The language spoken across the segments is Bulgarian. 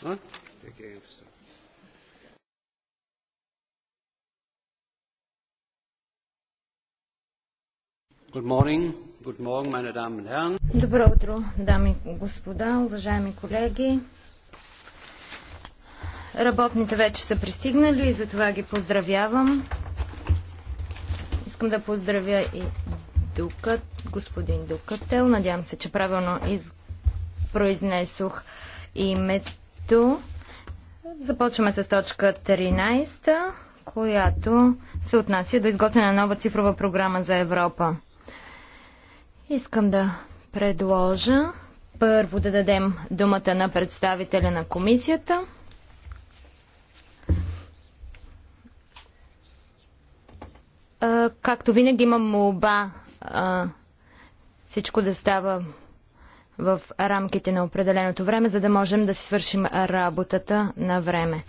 Good morning. Good morning, meine Damen und Herren. Добро утро, дами и господа, уважаеми колеги. Работните вече са пристигнали и затова ги поздравявам. Искам да поздравя и Дукът, господин Дукател. Надявам се, че правилно из... произнесох името ето, започваме с точка 13, която се отнася до изготвяне на нова цифрова програма за Европа. Искам да предложа първо да дадем думата на представителя на комисията. Както винаги имам молба всичко да става в рамките на определеното време, за да можем да си свършим работата на време.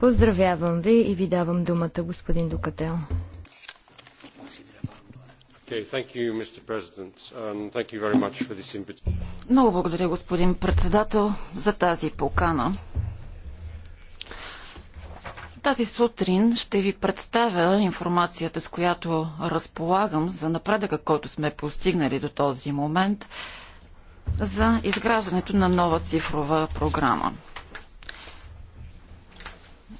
Поздравявам ви и ви давам думата, господин Докател. Много благодаря, господин председател, за тази покана. Тази сутрин ще ви представя информацията, с която разполагам за напредъка, който сме постигнали до този момент за изграждането на нова цифрова програма.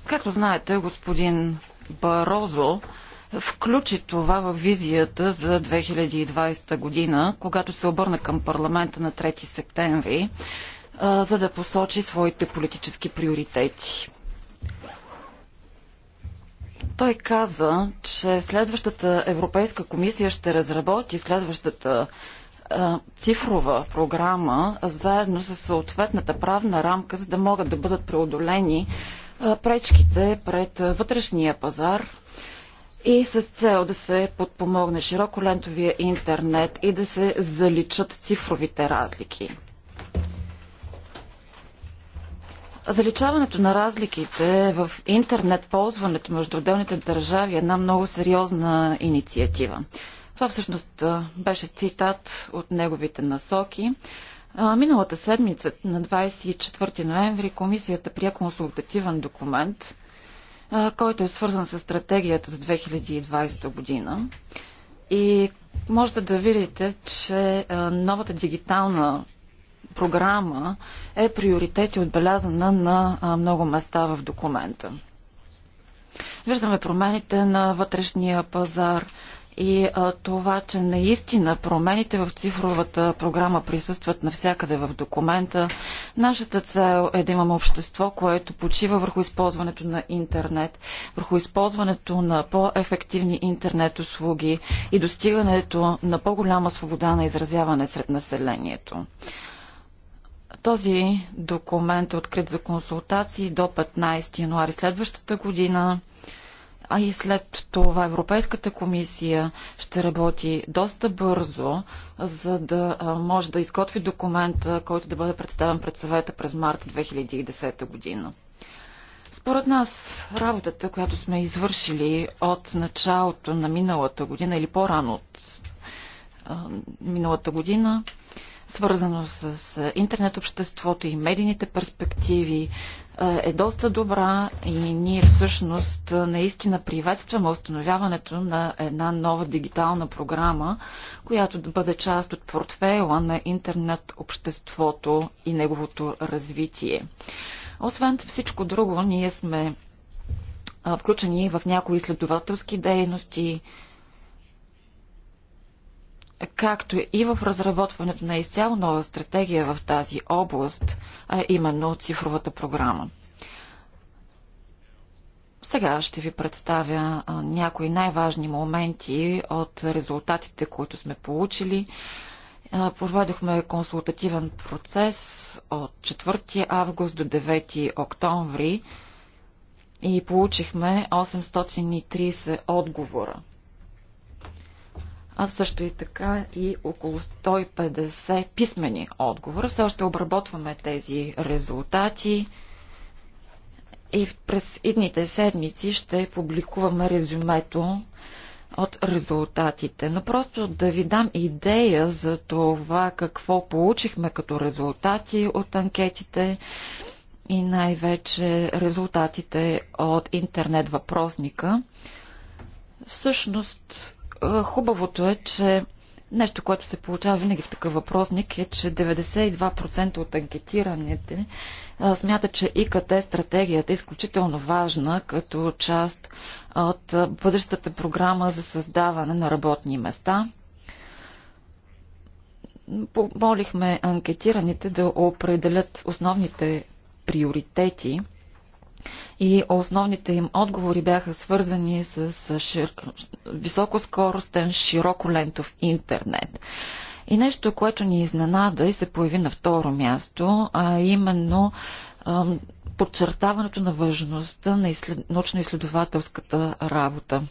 Както знаете, господин Барозо включи това в визията за 2020 година, когато се обърна към парламента на 3 септември, за да посочи своите политически приоритети. Той каза, че следващата Европейска комисия ще разработи следващата цифрова програма заедно с съответната правна рамка, за да могат да бъдат преодолени пречките пред вътрешния пазар и с цел да се подпомогне широколентовия интернет и да се заличат цифровите разлики. Заличаването на разликите в интернет ползването между отделните държави е една много сериозна инициатива. Това всъщност беше цитат от неговите насоки. Миналата седмица, на 24 ноември, комисията прие консултативен документ, който е свързан с стратегията за 2020 година. И можете да видите, че новата дигитална програма е приоритет и отбелязана на много места в документа. Виждаме промените на вътрешния пазар, и а, това, че наистина промените в цифровата програма присъстват навсякъде в документа. Нашата цел е да имаме общество, което почива върху използването на интернет, върху използването на по-ефективни интернет услуги и достигането на по-голяма свобода на изразяване сред населението. Този документ е открит за консултации до 15 януари следващата година а и след това Европейската комисия ще работи доста бързо, за да може да изготви документ, който да бъде представен пред съвета през март 2010 година. Според нас, работата, която сме извършили от началото на миналата година или по-рано от миналата година, свързано с интернет обществото и медийните перспективи, е, е доста добра и ние всъщност е, наистина приветстваме установяването на една нова дигитална програма, която да бъде част от портфейла на интернет обществото и неговото развитие. Освен всичко друго, ние сме е, включени в някои изследователски дейности, както и в разработването на изцяло нова стратегия в тази област, а именно цифровата програма. Сега ще ви представя някои най-важни моменти от резултатите, които сме получили. Проведохме консултативен процес от 4 август до 9 октомври и получихме 830 отговора а също и така и около 150 писмени отговора. Все още обработваме тези резултати и през идните седмици ще публикуваме резюмето от резултатите. Но просто да ви дам идея за това какво получихме като резултати от анкетите и най-вече резултатите от интернет въпросника. Всъщност е, хубавото е, че нещо, което се получава винаги в такъв въпросник е, че 92% от анкетираните е, смятат, че ИКТ стратегията е изключително важна като част от е, бъдещата програма за създаване на работни места. Помолихме анкетираните да определят основните приоритети – и основните им отговори бяха свързани с шир... високоскоростен широколентов интернет. И нещо, което ни изненада и се появи на второ място, а именно подчертаването на важността на изслед... научно-изследователската работа.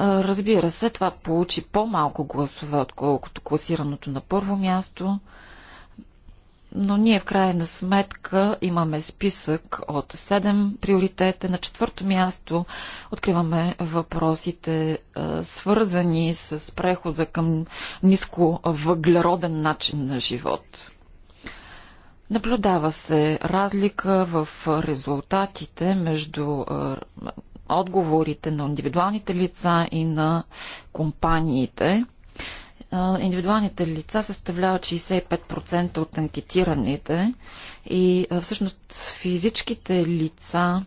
Разбира се, това получи по-малко гласове, отколкото класираното на първо място – но ние в крайна сметка имаме списък от 7 приоритета. На четвърто място откриваме въпросите, е, свързани с прехода към ниско въглероден начин на живот. Наблюдава се разлика в резултатите между е, отговорите на индивидуалните лица и на компаниите индивидуалните лица съставляват 65% от анкетираните и всъщност физическите лица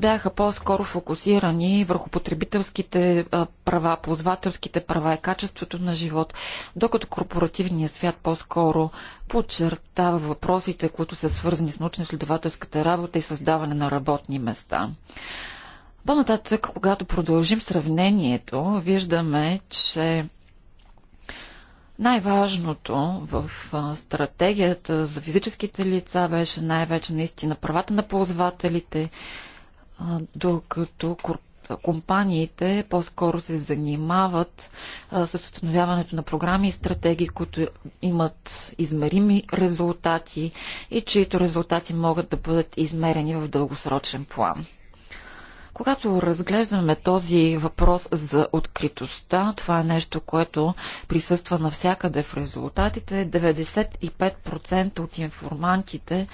бяха по-скоро фокусирани върху потребителските права, ползвателските права и качеството на живот, докато корпоративният свят по-скоро подчертава въпросите, които са свързани с научно-следователската работа и създаване на работни места. По-нататък, когато продължим сравнението, виждаме, че най-важното в стратегията за физическите лица беше най-вече наистина правата на ползвателите, докато компаниите по-скоро се занимават с установяването на програми и стратегии, които имат измерими резултати и чието резултати могат да бъдат измерени в дългосрочен план. Когато разглеждаме този въпрос за откритостта, това е нещо, което присъства навсякъде в резултатите. 95% от информантите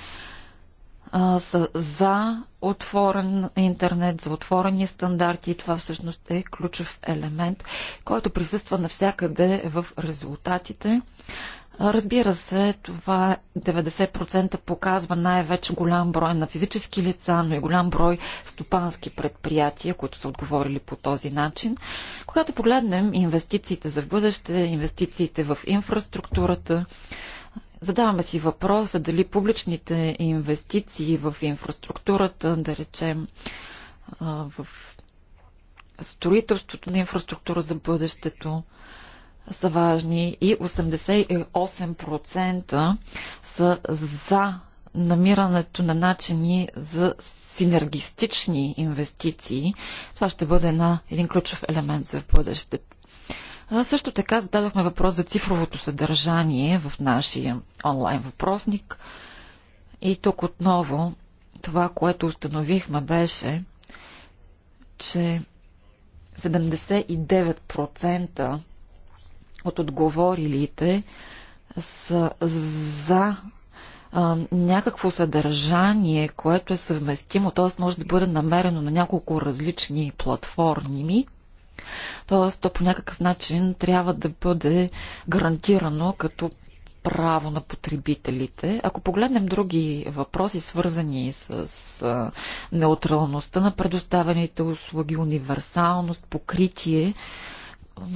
а, са за отворен интернет, за отворени стандарти. Това всъщност е ключов елемент, който присъства навсякъде в резултатите. Разбира се, това 90% показва най-вече голям брой на физически лица, но и голям брой стопански предприятия, които са отговорили по този начин. Когато погледнем инвестициите за в бъдеще, инвестициите в инфраструктурата, задаваме си въпроса дали публичните инвестиции в инфраструктурата, да речем в строителството на инфраструктура за бъдещето, са важни и 88% са за намирането на начини за синергистични инвестиции. Това ще бъде на един ключов елемент за бъдещето. Също така зададохме въпрос за цифровото съдържание в нашия онлайн въпросник. И тук отново това, което установихме беше, че 79% от отговорилите са за а, някакво съдържание, което е съвместимо, т.е. може да бъде намерено на няколко различни платформи, т.е. то по някакъв начин трябва да бъде гарантирано като право на потребителите. Ако погледнем други въпроси, свързани с, с неутралността на предоставените услуги, универсалност, покритие,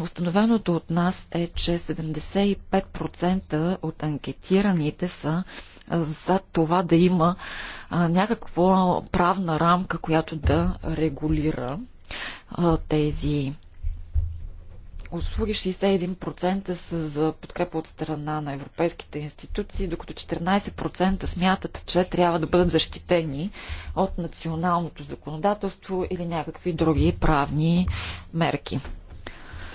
Установеното от нас е, че 75% от анкетираните са за това да има някаква правна рамка, която да регулира тези услуги 61% са за подкрепа от страна на европейските институции, докато 14% смятат, че трябва да бъдат защитени от националното законодателство или някакви други правни мерки.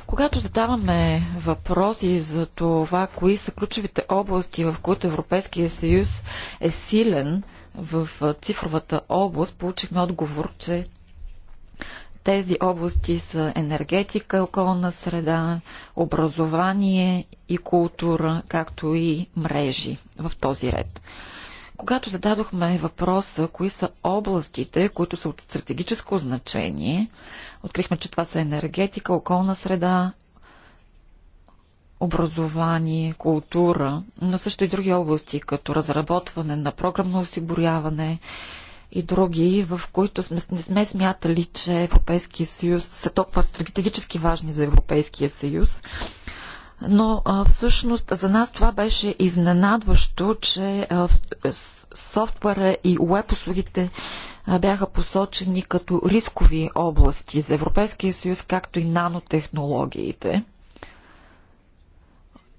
Когато задаваме въпроси за това, кои са ключовите области, в които Европейския съюз е силен в цифровата област, получихме отговор, че тези области са енергетика, околна среда, образование и култура, както и мрежи в този ред. Когато зададохме въпроса, кои са областите, които са от стратегическо значение, Открихме, че това са енергетика, околна среда, образование, култура, но също и други области, като разработване на програмно осигуряване и други, в които сме, не сме смятали, че Европейския съюз са толкова стратегически важни за Европейския съюз. Но а, всъщност за нас това беше изненадващо, че а, софтуера и уеб услугите бяха посочени като рискови области за Европейския съюз, както и нанотехнологиите.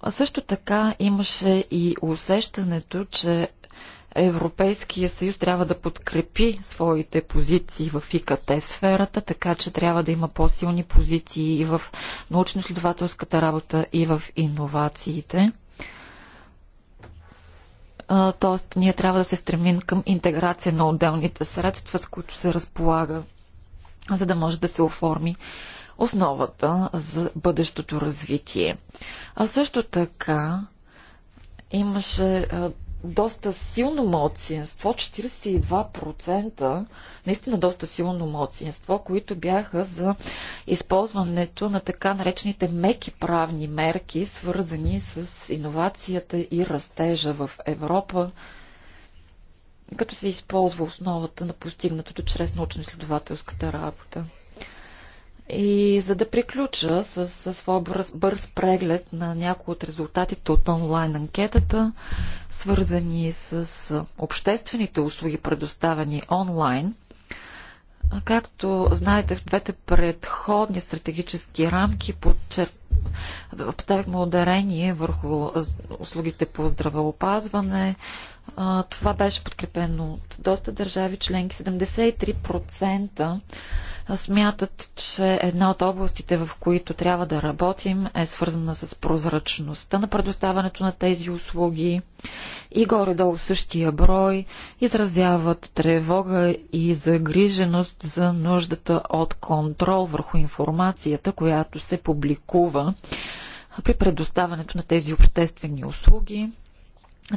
А също така имаше и усещането, че Европейския съюз трябва да подкрепи своите позиции в ИКТ сферата, така че трябва да има по-силни позиции и в научно-следователската работа, и в иновациите. Т.е. ние трябва да се стремим към интеграция на отделните средства, с които се разполага, за да може да се оформи основата за бъдещото развитие. А също така имаше доста силно младсинство, 42%, наистина доста силно младсинство, които бяха за използването на така наречените меки правни мерки, свързани с иновацията и растежа в Европа, като се използва основата на постигнатото чрез научно-изследователската работа. И за да приключа с, с своя бърз, бърз преглед на някои от резултатите от онлайн анкетата, свързани с обществените услуги, предоставени онлайн, Както знаете, в двете предходни стратегически рамки подчер... поставихме ударение върху услугите по здравеопазване, това беше подкрепено от доста държави членки. 73% смятат, че една от областите, в които трябва да работим, е свързана с прозрачността на предоставянето на тези услуги. И горе-долу същия брой изразяват тревога и загриженост за нуждата от контрол върху информацията, която се публикува при предоставянето на тези обществени услуги.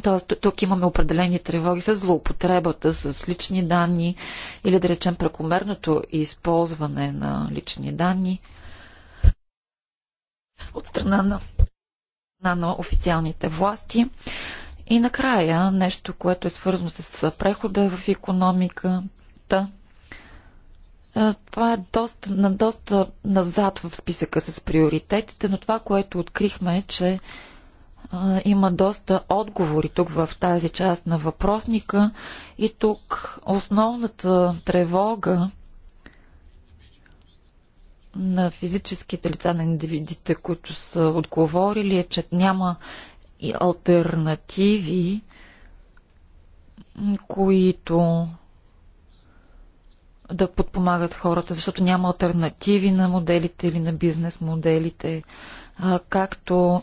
Тоест, тук имаме определени тревоги с злоупотребата, с лични данни или да речем прекомерното използване на лични данни от страна на, на официалните власти. И накрая нещо, което е свързано с прехода в економиката. Е, това е доста, на доста назад в списъка с приоритетите, но това, което открихме е, че има доста отговори тук в тази част на въпросника и тук основната тревога на физическите лица на индивидите, които са отговорили, е, че няма и альтернативи, които да подпомагат хората, защото няма альтернативи на моделите или на бизнес моделите, както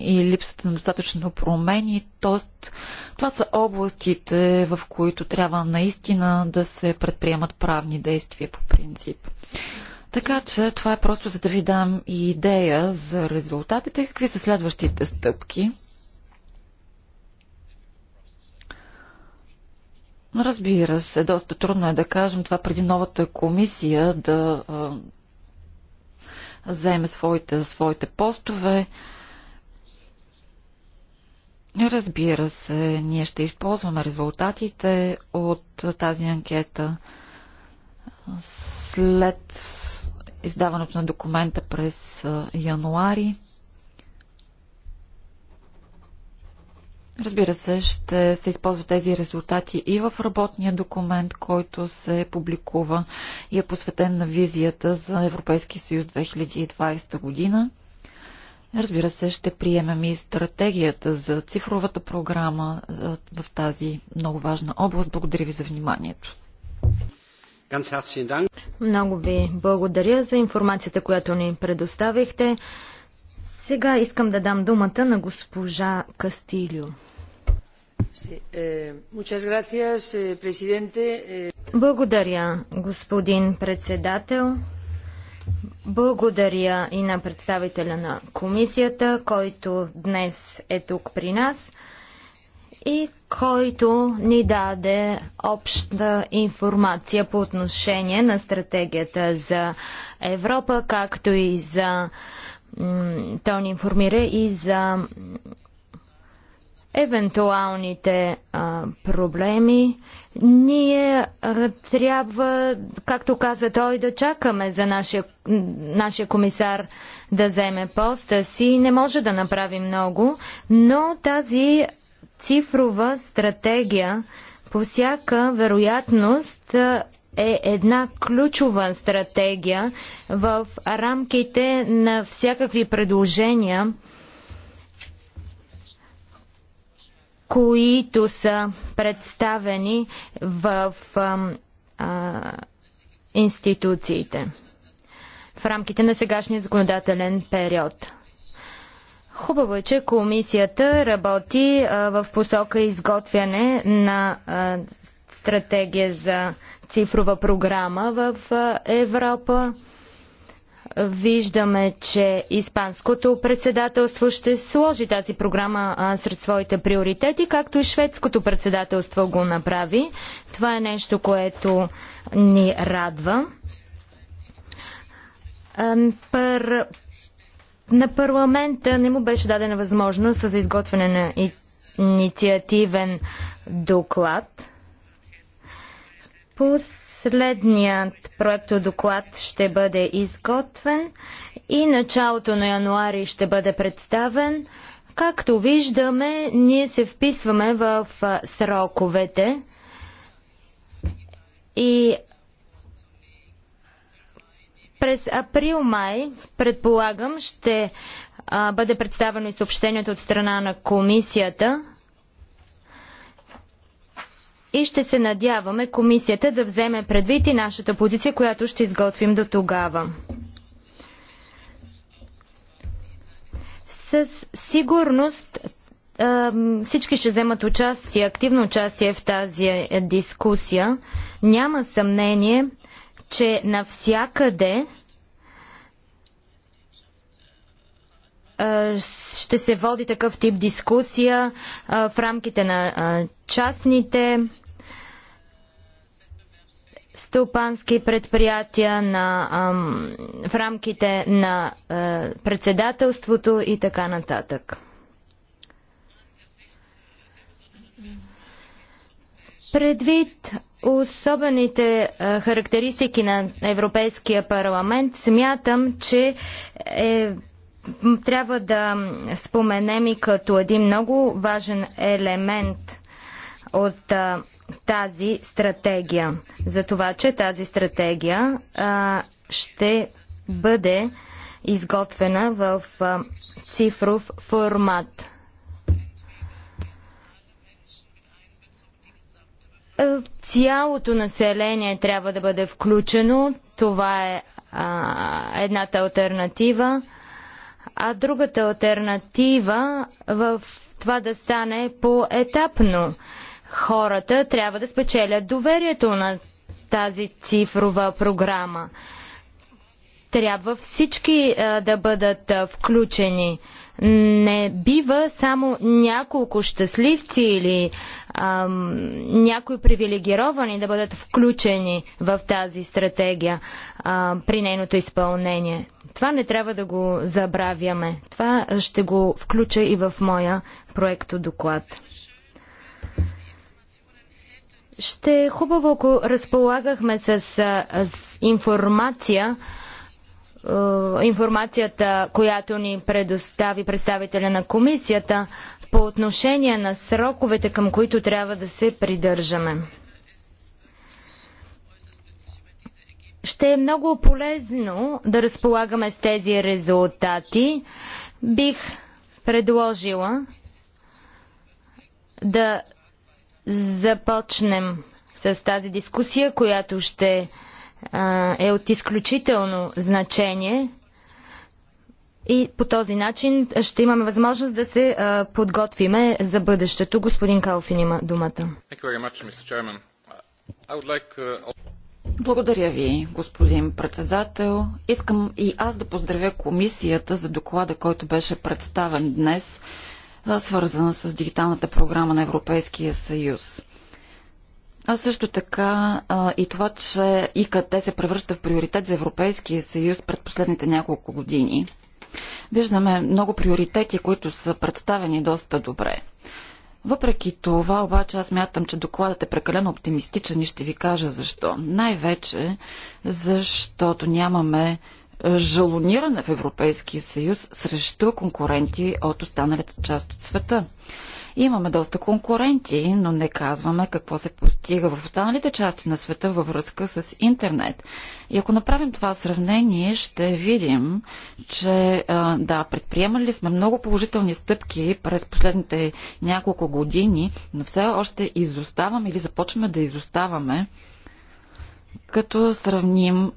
и липсата на достатъчно промени. Тоест, това са областите, в които трябва наистина да се предприемат правни действия по принцип. Така че това е просто за да ви дам и идея за резултатите. Какви са следващите стъпки? Разбира се, доста трудно е да кажем това преди новата комисия да а, заеме своите, своите постове. А, Разбира се, ние ще използваме резултатите от тази анкета след издаването на документа през януари. Разбира се, ще се използват тези резултати и в работния документ, който се публикува и е посветен на визията за Европейски съюз 2020 година. Разбира се, ще приемем и стратегията за цифровата програма в тази много важна област. Благодаря ви за вниманието. Много ви благодаря за информацията, която ни предоставихте. Сега искам да дам думата на госпожа Кастилио. Eh, eh, eh, благодаря, господин председател. Благодаря и на представителя на комисията, който днес е тук при нас и който ни даде обща информация по отношение на стратегията за Европа, както и за той ни информира и за евентуалните а, проблеми. Ние а, трябва, както каза той, да чакаме за нашия, нашия комисар да вземе поста си. Не може да направи много, но тази цифрова стратегия по всяка вероятност е една ключова стратегия в рамките на всякакви предложения, които са представени в а, а, институциите в рамките на сегашния законодателен период. Хубаво е, че комисията работи а, в посока изготвяне на а, стратегия за цифрова програма в а, Европа. Виждаме, че Испанското председателство ще сложи тази програма сред своите приоритети, както и Шведското председателство го направи. Това е нещо, което ни радва. пър... На парламента не му беше дадена възможност за изготвяне на инициативен доклад. По Следният проект доклад ще бъде изготвен и началото на януари ще бъде представен. Както виждаме, ние се вписваме в сроковете и през април-май, предполагам, ще а, бъде представено и съобщението от страна на комисията и ще се надяваме комисията да вземе предвид и нашата позиция, която ще изготвим до тогава. Със сигурност всички ще вземат участие, активно участие в тази е, дискусия. Няма съмнение, че навсякъде ще се води такъв тип дискусия в рамките на частните стопански предприятия на, ам, в рамките на а, е, председателството и така нататък. Предвид особените а, е, характеристики на Европейския парламент, смятам, че е, трябва да споменем и като един много важен елемент от а, е, тази стратегия, за това, че тази стратегия а, ще бъде изготвена в а, цифров формат. Цялото население трябва да бъде включено. Това е а, едната альтернатива. А другата альтернатива в това да стане поетапно. етапно хората трябва да спечелят доверието на тази цифрова програма. Трябва всички а, да бъдат а, включени. Не бива само няколко щастливци или а, някои привилегировани да бъдат включени в тази стратегия а, при нейното изпълнение. Това не трябва да го забравяме. Това ще го включа и в моя проекто доклад. Ще е хубаво, ако разполагахме с, с информация, информацията, която ни предостави представителя на комисията по отношение на сроковете, към които трябва да се придържаме. Ще е много полезно да разполагаме с тези резултати. Бих предложила да започнем с тази дискусия, която ще а, е от изключително значение. И по този начин ще имаме възможност да се а, подготвиме за бъдещето. Господин Калфин има думата. Uh, Благодаря ви, господин председател. Искам и аз да поздравя комисията за доклада, който беше представен днес свързана с дигиталната програма на Европейския съюз. А също така а, и това, че ИКТ се превръща в приоритет за Европейския съюз пред последните няколко години. Виждаме много приоритети, които са представени доста добре. Въпреки това, обаче, аз мятам, че докладът е прекалено оптимистичен и ще ви кажа защо. Най-вече, защото нямаме жалониране в Европейския съюз срещу конкуренти от останалите част от света. Имаме доста конкуренти, но не казваме какво се постига в останалите части на света във връзка с интернет. И ако направим това сравнение, ще видим, че да, предприемали сме много положителни стъпки през последните няколко години, но все още изоставаме или започваме да изоставаме като, сравним,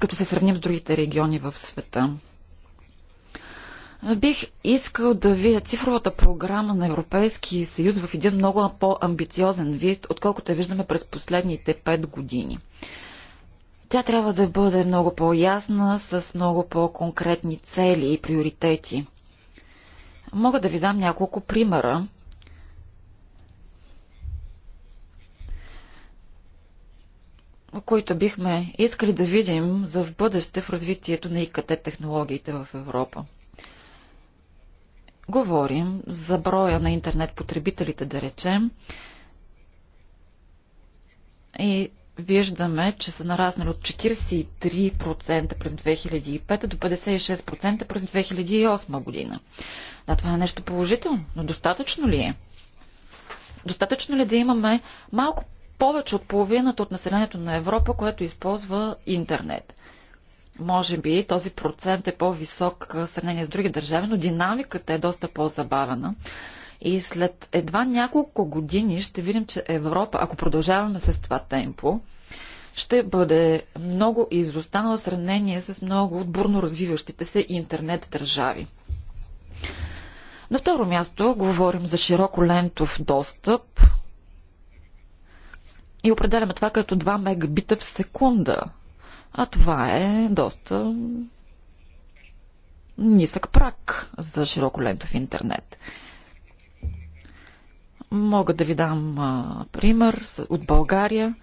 като се сравним с другите региони в света. Бих искал да видя цифровата програма на Европейския съюз в един много по-амбициозен вид, отколкото я виждаме през последните 5 години. Тя трябва да бъде много по-ясна, с много по-конкретни цели и приоритети. Мога да ви дам няколко примера които бихме искали да видим за в бъдеще в развитието на ИКТ технологиите в Европа. Говорим за броя на интернет потребителите, да речем, и виждаме, че са нараснали от 43% през 2005 до 56% през 2008 година. Да, това е нещо положително, но достатъчно ли е? Достатъчно ли е да имаме малко повече от половината от населението на Европа, което използва интернет. Може би този процент е по-висок в сравнение с други държави, но динамиката е доста по-забавена. И след едва няколко години ще видим, че Европа, ако продължаваме с това темпо, ще бъде много изостанала в сравнение с много от бурно развиващите се интернет държави. На второ място говорим за широко лентов достъп и определяме това като 2 мегабита в секунда. А това е доста нисък прак за широколентов интернет. Мога да ви дам а, пример от България.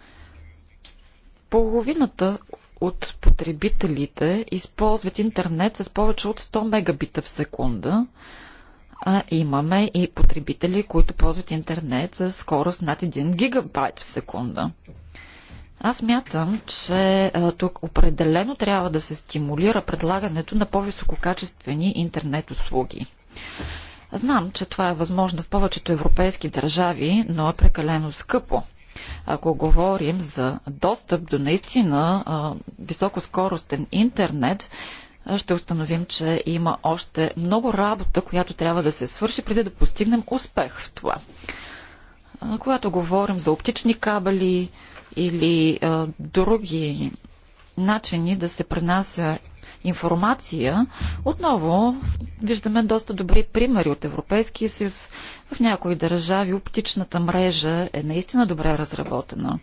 Половината от потребителите използват интернет с повече от 100 мегабита в секунда, а, имаме и потребители, които ползват интернет за скорост над 1 гигабайт в секунда. Аз мятам, че а, тук определено трябва да се стимулира предлагането на по-висококачествени интернет услуги. Знам, че това е възможно в повечето европейски държави, но е прекалено скъпо. Ако говорим за достъп до наистина а, високоскоростен интернет, ще установим, че има още много работа, която трябва да се свърши преди да постигнем успех в това. Когато говорим за оптични кабели или а, други начини да се пренася информация, отново виждаме доста добри примери от Европейския съюз. В някои държави оптичната мрежа е наистина добре разработена.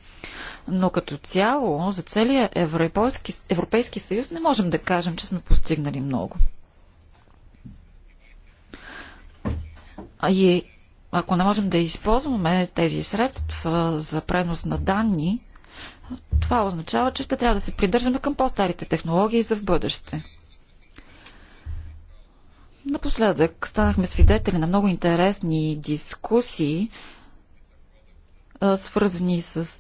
Но като цяло, за целия Европейски, Европейски съюз не можем да кажем, че сме постигнали много. А и ако не можем да използваме тези средства за пренос на данни, това означава, че ще трябва да се придържаме към по-старите технологии за в бъдеще. Напоследък станахме свидетели на много интересни дискусии, свързани с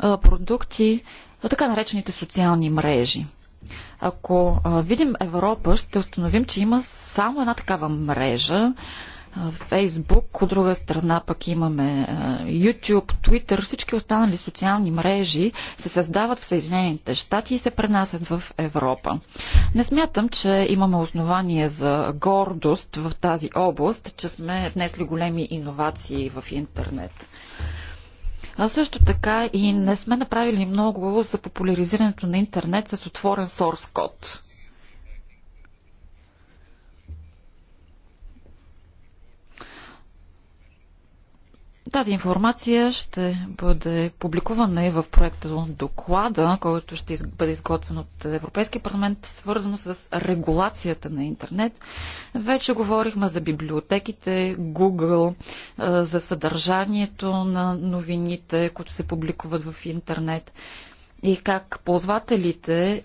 продукти, така наречените социални мрежи. Ако видим Европа, ще установим, че има само една такава мрежа, Фейсбук, от друга страна пък имаме YouTube, Twitter, всички останали социални мрежи се създават в Съединените щати и се пренасят в Европа. Не смятам, че имаме основание за гордост в тази област, че сме внесли големи иновации в интернет. А също така и не сме направили много за популяризирането на интернет с отворен source код. Тази информация ще бъде публикувана и в проекта доклада, който ще бъде изготвен от Европейския парламент, свързан с регулацията на интернет. Вече говорихме за библиотеките, Google, за съдържанието на новините, които се публикуват в интернет и как ползвателите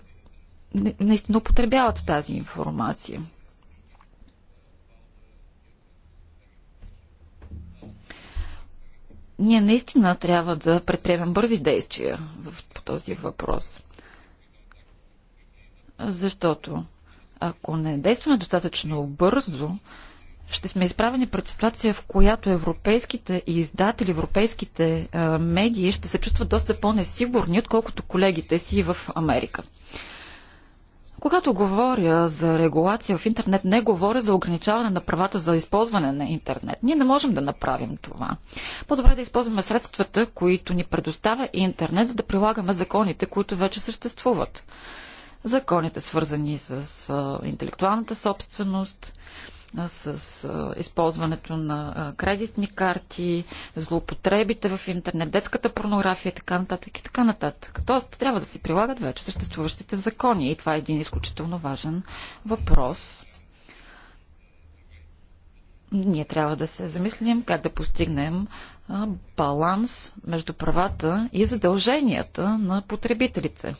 наистина употребяват тази информация. Ние наистина трябва да предприемем бързи действия по този въпрос. Защото ако не действаме достатъчно бързо, ще сме изправени пред ситуация, в която европейските издатели, европейските медии ще се чувстват доста по-несигурни, отколкото колегите си в Америка. Когато говоря за регулация в интернет, не говоря за ограничаване на правата за използване на интернет. Ние не можем да направим това. По-добре да използваме средствата, които ни предоставя интернет, за да прилагаме законите, които вече съществуват. Законите, свързани с интелектуалната собственост, с използването на кредитни карти, злоупотребите в интернет, детската порнография и така нататък и така нататък. Тоест трябва да се прилагат вече съществуващите закони и това е един изключително важен въпрос. Ние трябва да се замислим как да постигнем баланс между правата и задълженията на потребителите.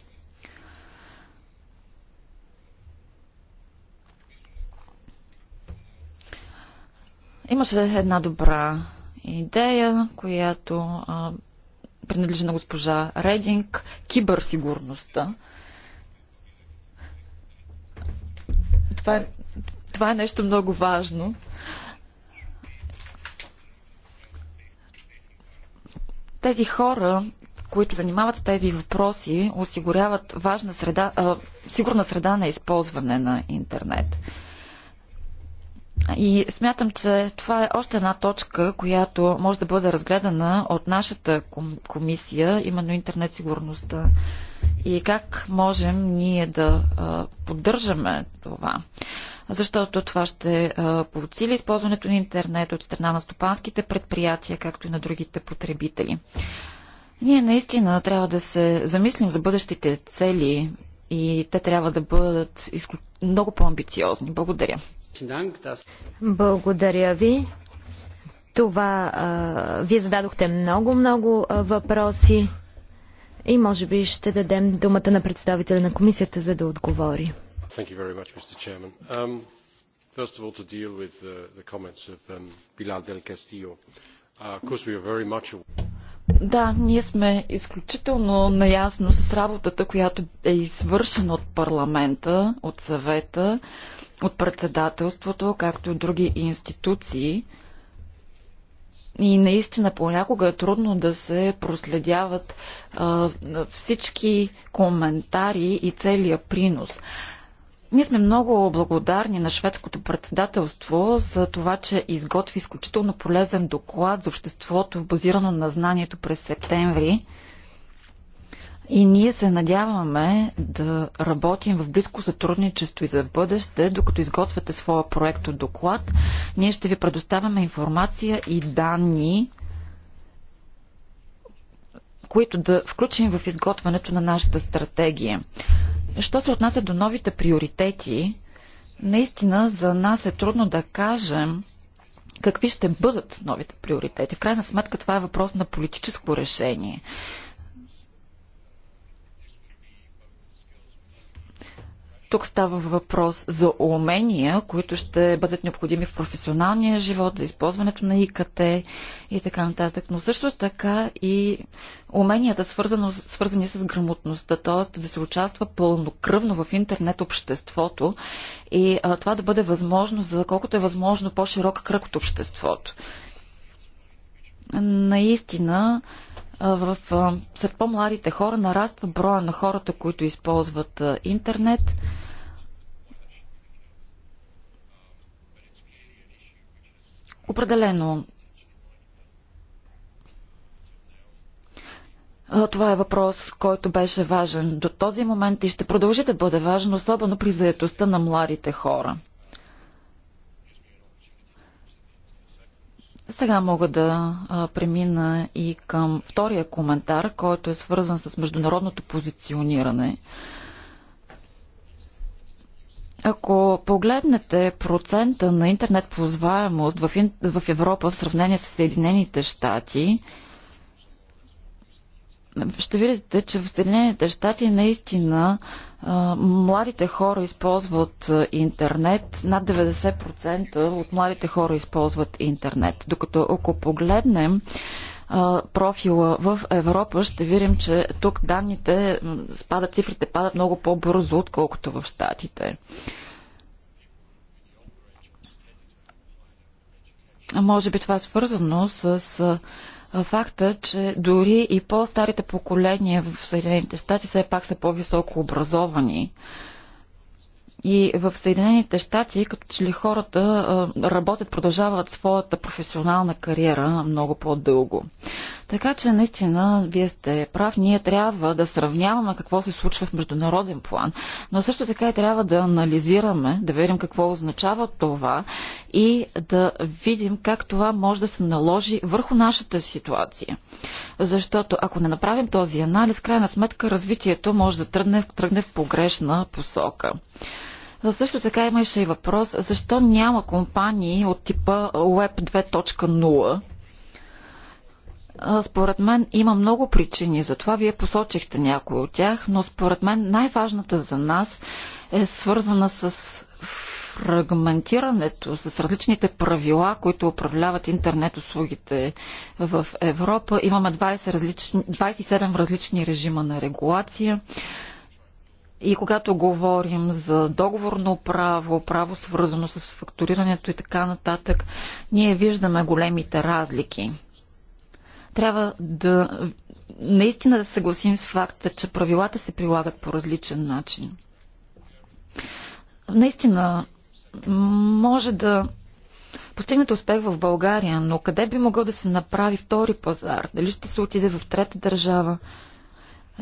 Имаше една добра идея, която а, принадлежи на госпожа Рединг киберсигурността. Това е, това е нещо много важно. Тези хора, които занимават с тези въпроси, осигуряват важна среда, а, сигурна среда на използване на интернет. И смятам, че това е още една точка, която може да бъде разгледана от нашата комисия, именно интернет сигурността. И как можем ние да поддържаме това защото това ще подсили използването на интернет от страна на стопанските предприятия, както и на другите потребители. Ние наистина трябва да се замислим за бъдещите цели и те трябва да бъдат много по-амбициозни. Благодаря. Благодаря ви. Това а, вие зададохте много-много въпроси и може би ще дадем думата на представителя на комисията, за да отговори. Um, first of all, to deal with the, the comments of um, Bilal del Castillo. Uh, of course, we are very much да, ние сме изключително наясно с работата, която е извършена от парламента, от съвета от председателството, както и от други институции. И наистина понякога е трудно да се проследяват а, всички коментари и целия принос. Ние сме много благодарни на шведското председателство за това, че изготви изключително полезен доклад за обществото, базирано на знанието през септември. И ние се надяваме да работим в близко сътрудничество и за бъдеще, докато изготвяте своя проект от доклад. Ние ще ви предоставяме информация и данни, които да включим в изготвянето на нашата стратегия. Що се отнася до новите приоритети, наистина за нас е трудно да кажем какви ще бъдат новите приоритети. В крайна сметка това е въпрос на политическо решение. Тук става въпрос за умения, които ще бъдат необходими в професионалния живот, за използването на ИКТ и така нататък, но също така и уменията, свързано, свързани с грамотността, т.е. да се участва пълнокръвно в интернет обществото и а, това да бъде възможно, за колкото е възможно по-широк кръг от обществото. Наистина, в, сред по-младите хора нараства броя на хората, които използват интернет. Определено. Това е въпрос, който беше важен до този момент и ще продължи да бъде важен, особено при заедостта на младите хора. Сега мога да премина и към втория коментар, който е свързан с международното позициониране. Ако погледнете процента на интернет позваемост в, в Европа в сравнение с Съединените щати, ще видите, че в Съединените щати наистина младите хора използват интернет. Над 90% от младите хора използват интернет. Докато ако погледнем профила в Европа, ще видим, че тук данните спадат, цифрите падат много по-бързо, отколкото в Штатите. Може би това е свързано с факта, че дори и по-старите поколения в Съединените щати все пак са по-високо образовани. И в Съединените щати, като че ли хората работят, продължават своята професионална кариера много по-дълго. Така че наистина вие сте прав. Ние трябва да сравняваме какво се случва в международен план, но също така и трябва да анализираме, да видим какво означава това и да видим как това може да се наложи върху нашата ситуация. Защото ако не направим този анализ, крайна сметка развитието може да тръгне, тръгне в погрешна посока. Също така имаше и въпрос, защо няма компании от типа Web 2.0, според мен има много причини за това. Вие посочихте някои от тях, но според мен най-важната за нас е свързана с фрагментирането, с различните правила, които управляват интернет услугите в Европа. Имаме 20 различни, 27 различни режима на регулация. И когато говорим за договорно право, право свързано с фактурирането и така нататък, ние виждаме големите разлики. Трябва да наистина да съгласим с факта, че правилата се прилагат по различен начин. Наистина, може да постигнете успех в България, но къде би могъл да се направи втори пазар? Дали ще се отиде в трета държава?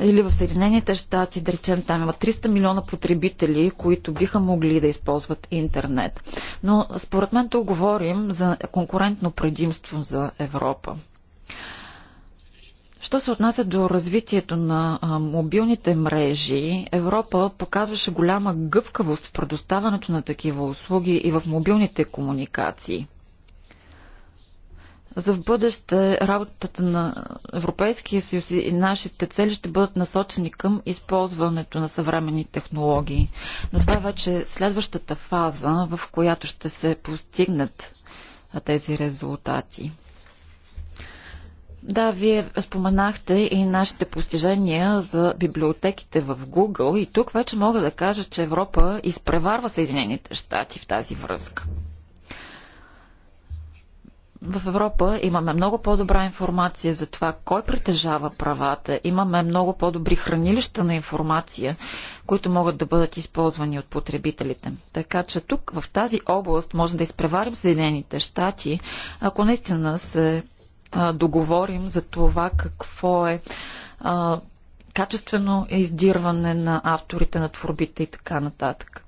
Или в Съединените щати, да речем, там има 300 милиона потребители, които биха могли да използват интернет. Но според мен тук говорим за конкурентно предимство за Европа. Що се отнася до развитието на мобилните мрежи, Европа показваше голяма гъвкавост в предоставането на такива услуги и в мобилните комуникации. За в бъдеще работата на Европейския съюз и нашите цели ще бъдат насочени към използването на съвременни технологии. Но това е вече следващата фаза, в която ще се постигнат тези резултати. Да, вие споменахте и нашите постижения за библиотеките в Google и тук вече мога да кажа, че Европа изпреварва Съединените щати в тази връзка. В Европа имаме много по-добра информация за това кой притежава правата, имаме много по-добри хранилища на информация, които могат да бъдат използвани от потребителите. Така че тук в тази област може да изпреварим Съединените щати, ако наистина се а, договорим за това какво е а, качествено издирване на авторите на творбите и така нататък.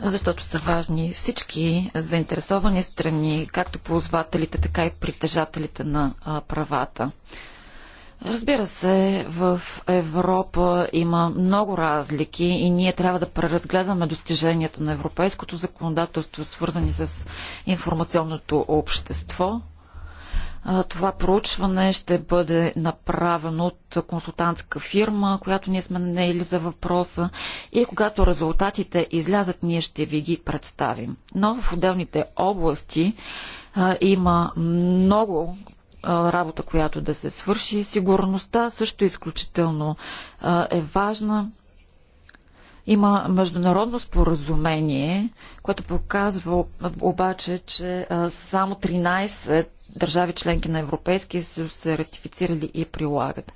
защото са важни всички заинтересовани страни, както ползвателите, така и притежателите на правата. Разбира се, в Европа има много разлики и ние трябва да преразгледаме достиженията на европейското законодателство, свързани с информационното общество. Това проучване ще бъде направено от консултантска фирма, която ние сме нанели за въпроса и когато резултатите излязат, ние ще ви ги представим. Но в отделните области има много работа, която да се свърши. Сигурността също изключително е важна. Има международно споразумение, което показва обаче, че само 13 държави членки на Европейския съюз са ратифицирали и прилагат.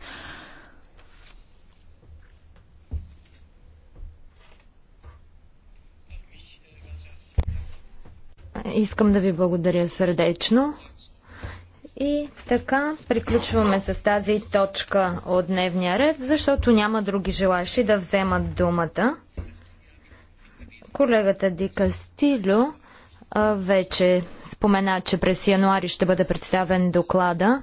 Искам да ви благодаря сърдечно. И така приключваме с тази точка от дневния ред, защото няма други желащи да вземат думата. Колегата Ди Кастилю вече спомена, че през януари ще бъде представен доклада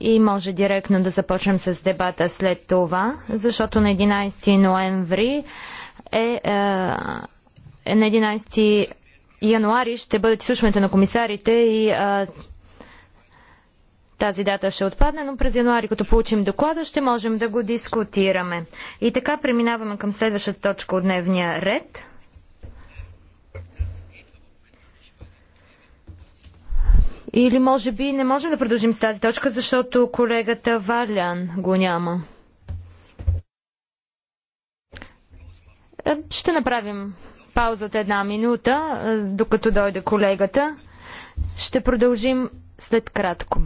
и може директно да започнем с дебата след това, защото на 11 ноември е, е, е на 11 януари ще бъдат изслушването на комисарите и е, тази дата ще отпадне, но през януари, като получим доклада, ще можем да го дискутираме. И така преминаваме към следващата точка от дневния ред. Или може би не можем да продължим с тази точка, защото колегата Валян го няма. Е, ще направим пауза от една минута, е, докато дойде колегата. Ще продължим след кратко.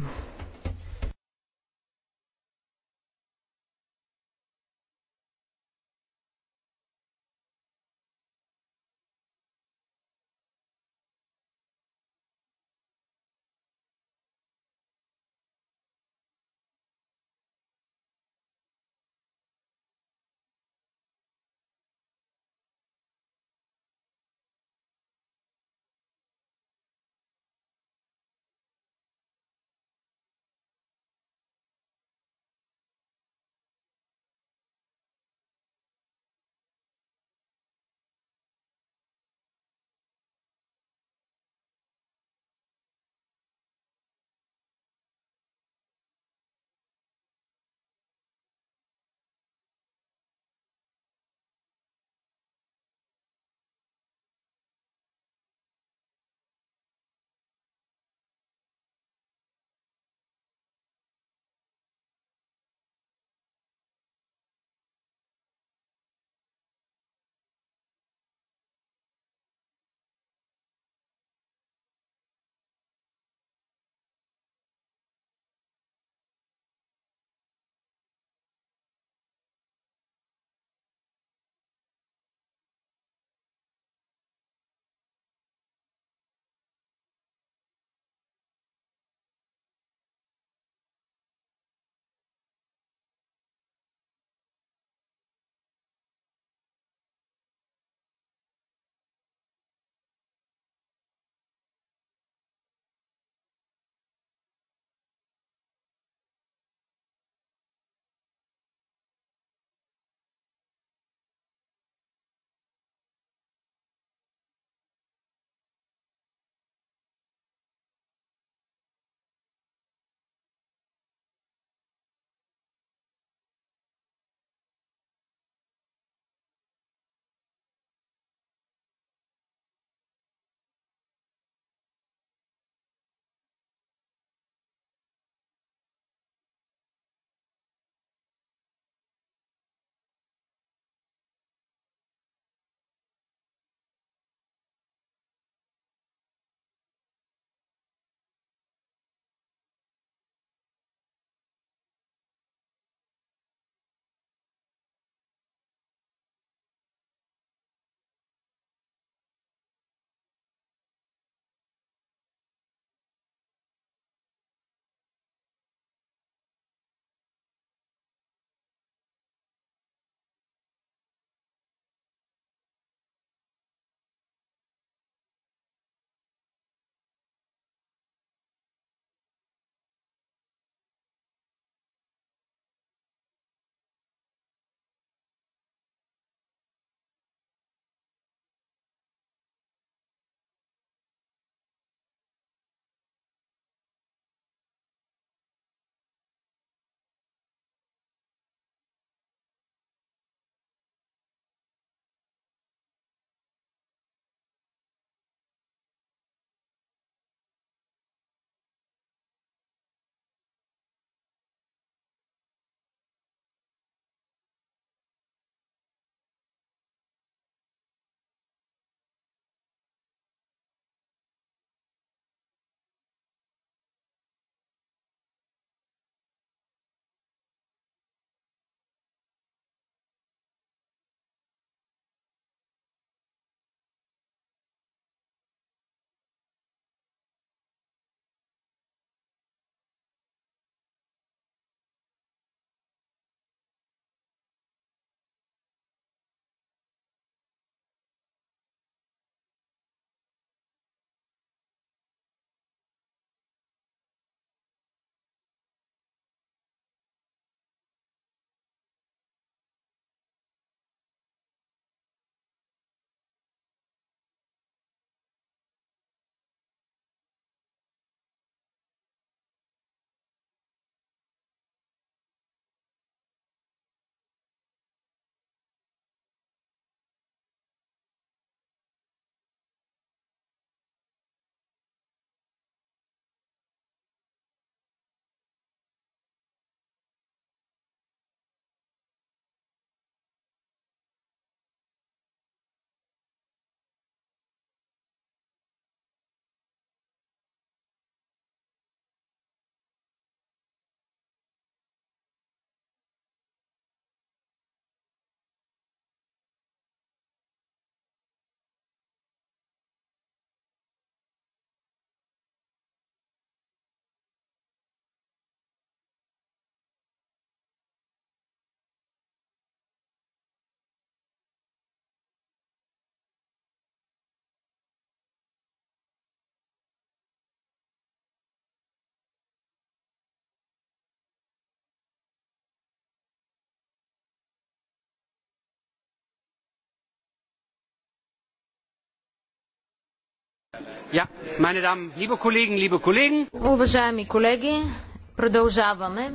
Уважаеми колеги, продължаваме.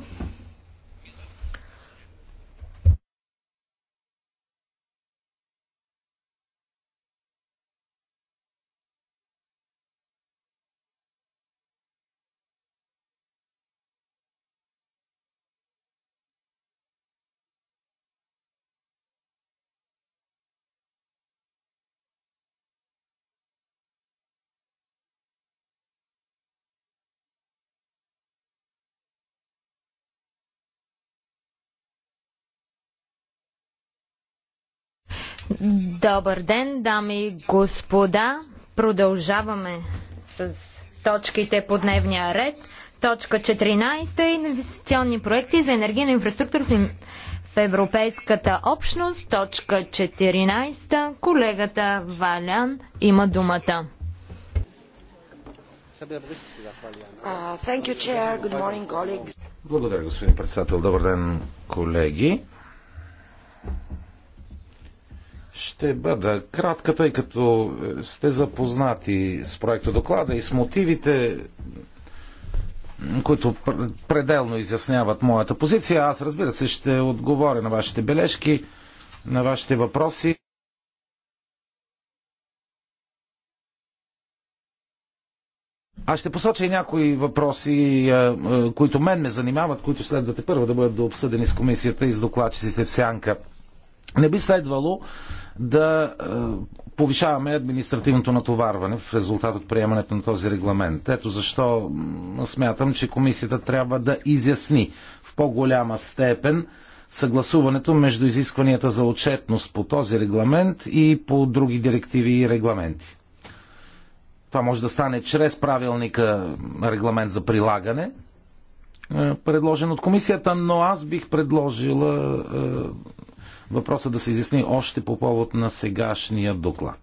Добър ден, дами и господа. Продължаваме с точките по дневния ред. Точка 14. Е инвестиционни проекти за енергийна инфраструктура в Европейската общност. Точка 14. Колегата Валян има думата. Uh, Благодаря, господин председател. Добър ден, колеги. Ще бъда кратка, тъй като е, сте запознати с проекта доклада и с мотивите, които пределно изясняват моята позиция. Аз, разбира се, ще отговоря на вашите бележки, на вашите въпроси. Аз ще посоча и някои въпроси, е, е, които мен ме занимават, които следвате първо да бъдат обсъдени с комисията и с докладчиците в сянка не би следвало да е, повишаваме административното натоварване в резултат от приемането на този регламент. Ето защо смятам, че комисията трябва да изясни в по-голяма степен съгласуването между изискванията за отчетност по този регламент и по други директиви и регламенти. Това може да стане чрез правилника регламент за прилагане, е, предложен от комисията, но аз бих предложила е, въпросът да се изясни още по повод на сегашния доклад.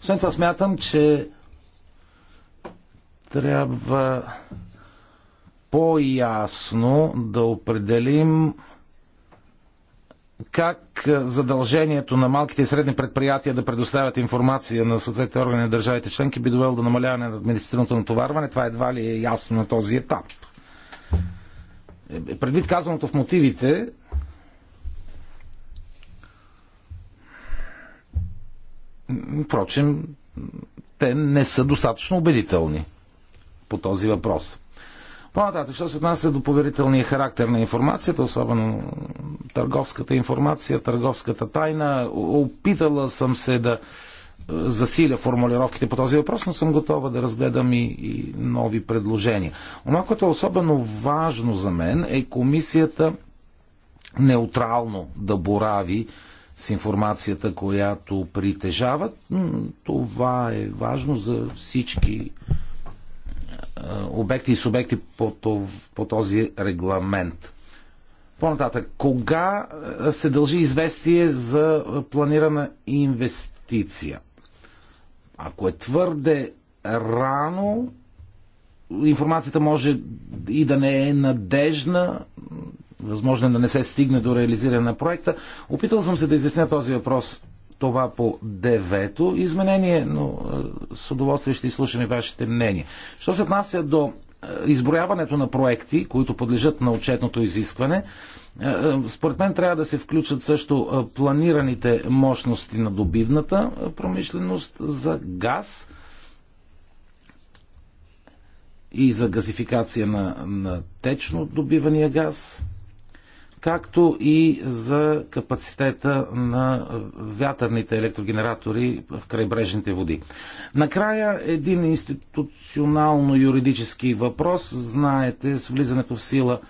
Освен това смятам, че трябва по-ясно да определим как задължението на малките и средни предприятия да предоставят информация на съответните органи на държавите членки би довело до намаляване на административното натоварване. Това едва ли е ясно на този етап. Е, предвид казаното в мотивите, Впрочем, те не са достатъчно убедителни по този въпрос. По-нататък, що се отнася до поверителния характер на информацията, особено търговската информация, търговската тайна, опитала съм се да е, засиля формулировките по този въпрос, но съм готова да разгледам и, и нови предложения. Оно, което е особено важно за мен е комисията неутрално да борави с информацията, която притежават. Това е важно за всички е, обекти и субекти по този регламент. По-нататък, кога е, се дължи известие за планирана инвестиция? Ако е твърде рано, информацията може и да не е надежна, възможно е да не се стигне до реализиране на проекта. Опитал съм се да изясня този въпрос това по девето изменение, но е, с удоволствие ще изслушаме вашите мнения. Що се отнася до е, изброяването на проекти, които подлежат на отчетното изискване, е, според мен трябва да се включат също планираните мощности на добивната промишленост за газ и за газификация на, на течно добивания газ както и за капацитета на вятърните електрогенератори в крайбрежните води. Накрая един институционално-юридически въпрос. Знаете, с влизането в сила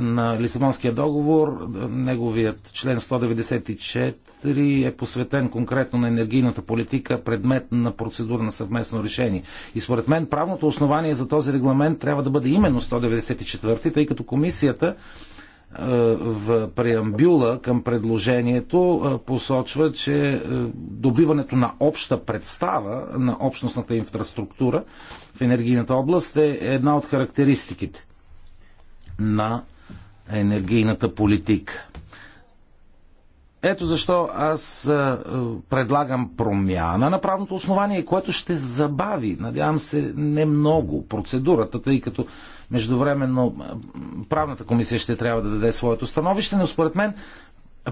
на Лисабонския договор, неговият член 194 е посветен конкретно на енергийната политика, предмет на процедура на съвместно решение. И според мен правното основание за този регламент трябва да бъде именно 194, тъй като комисията е, в преамбюла към предложението е, посочва, че е, добиването на обща представа на общностната инфраструктура в енергийната област е една от характеристиките на енергийната политика. Ето защо аз е, е, предлагам промяна на правното основание, което ще забави, надявам се, не много процедурата, тъй като междувременно е, правната комисия ще трябва да даде своето становище, но според мен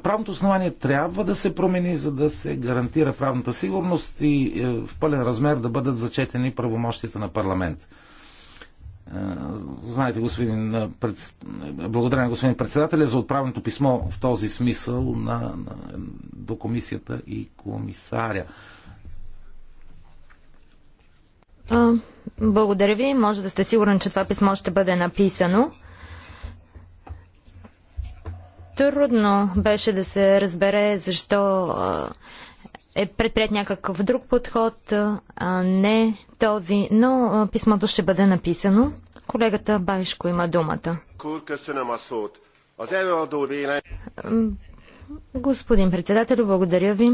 правното основание трябва да се промени, за да се гарантира правната сигурност и в пълен размер да бъдат зачетени правомощите на парламент. Знаете, господин, благодаря на господин председателя за отправеното писмо в този смисъл на, на, до комисията и комисаря. А, благодаря ви. Може да сте сигурен, че това писмо ще бъде написано. Трудно беше да се разбере защо е предприят някакъв друг подход, а не този, но писмото ще бъде написано. Колегата Байшко има думата. Господин председател, благодаря ви.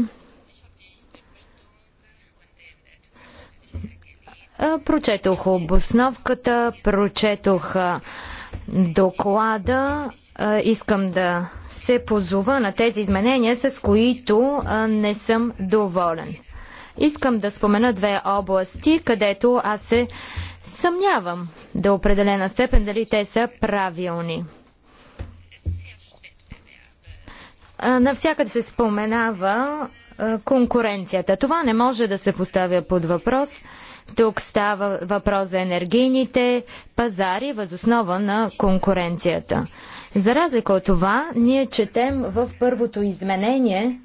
Прочетох обосновката, прочетох доклада. Искам да се позова на тези изменения, с които не съм доволен. Искам да спомена две области, където аз се съмнявам до определена степен дали те са правилни. Навсякъде се споменава конкуренцията. Това не може да се поставя под въпрос. Тук става въпрос за енергийните пазари възоснова на конкуренцията. За разлика от това, ние четем в първото изменение,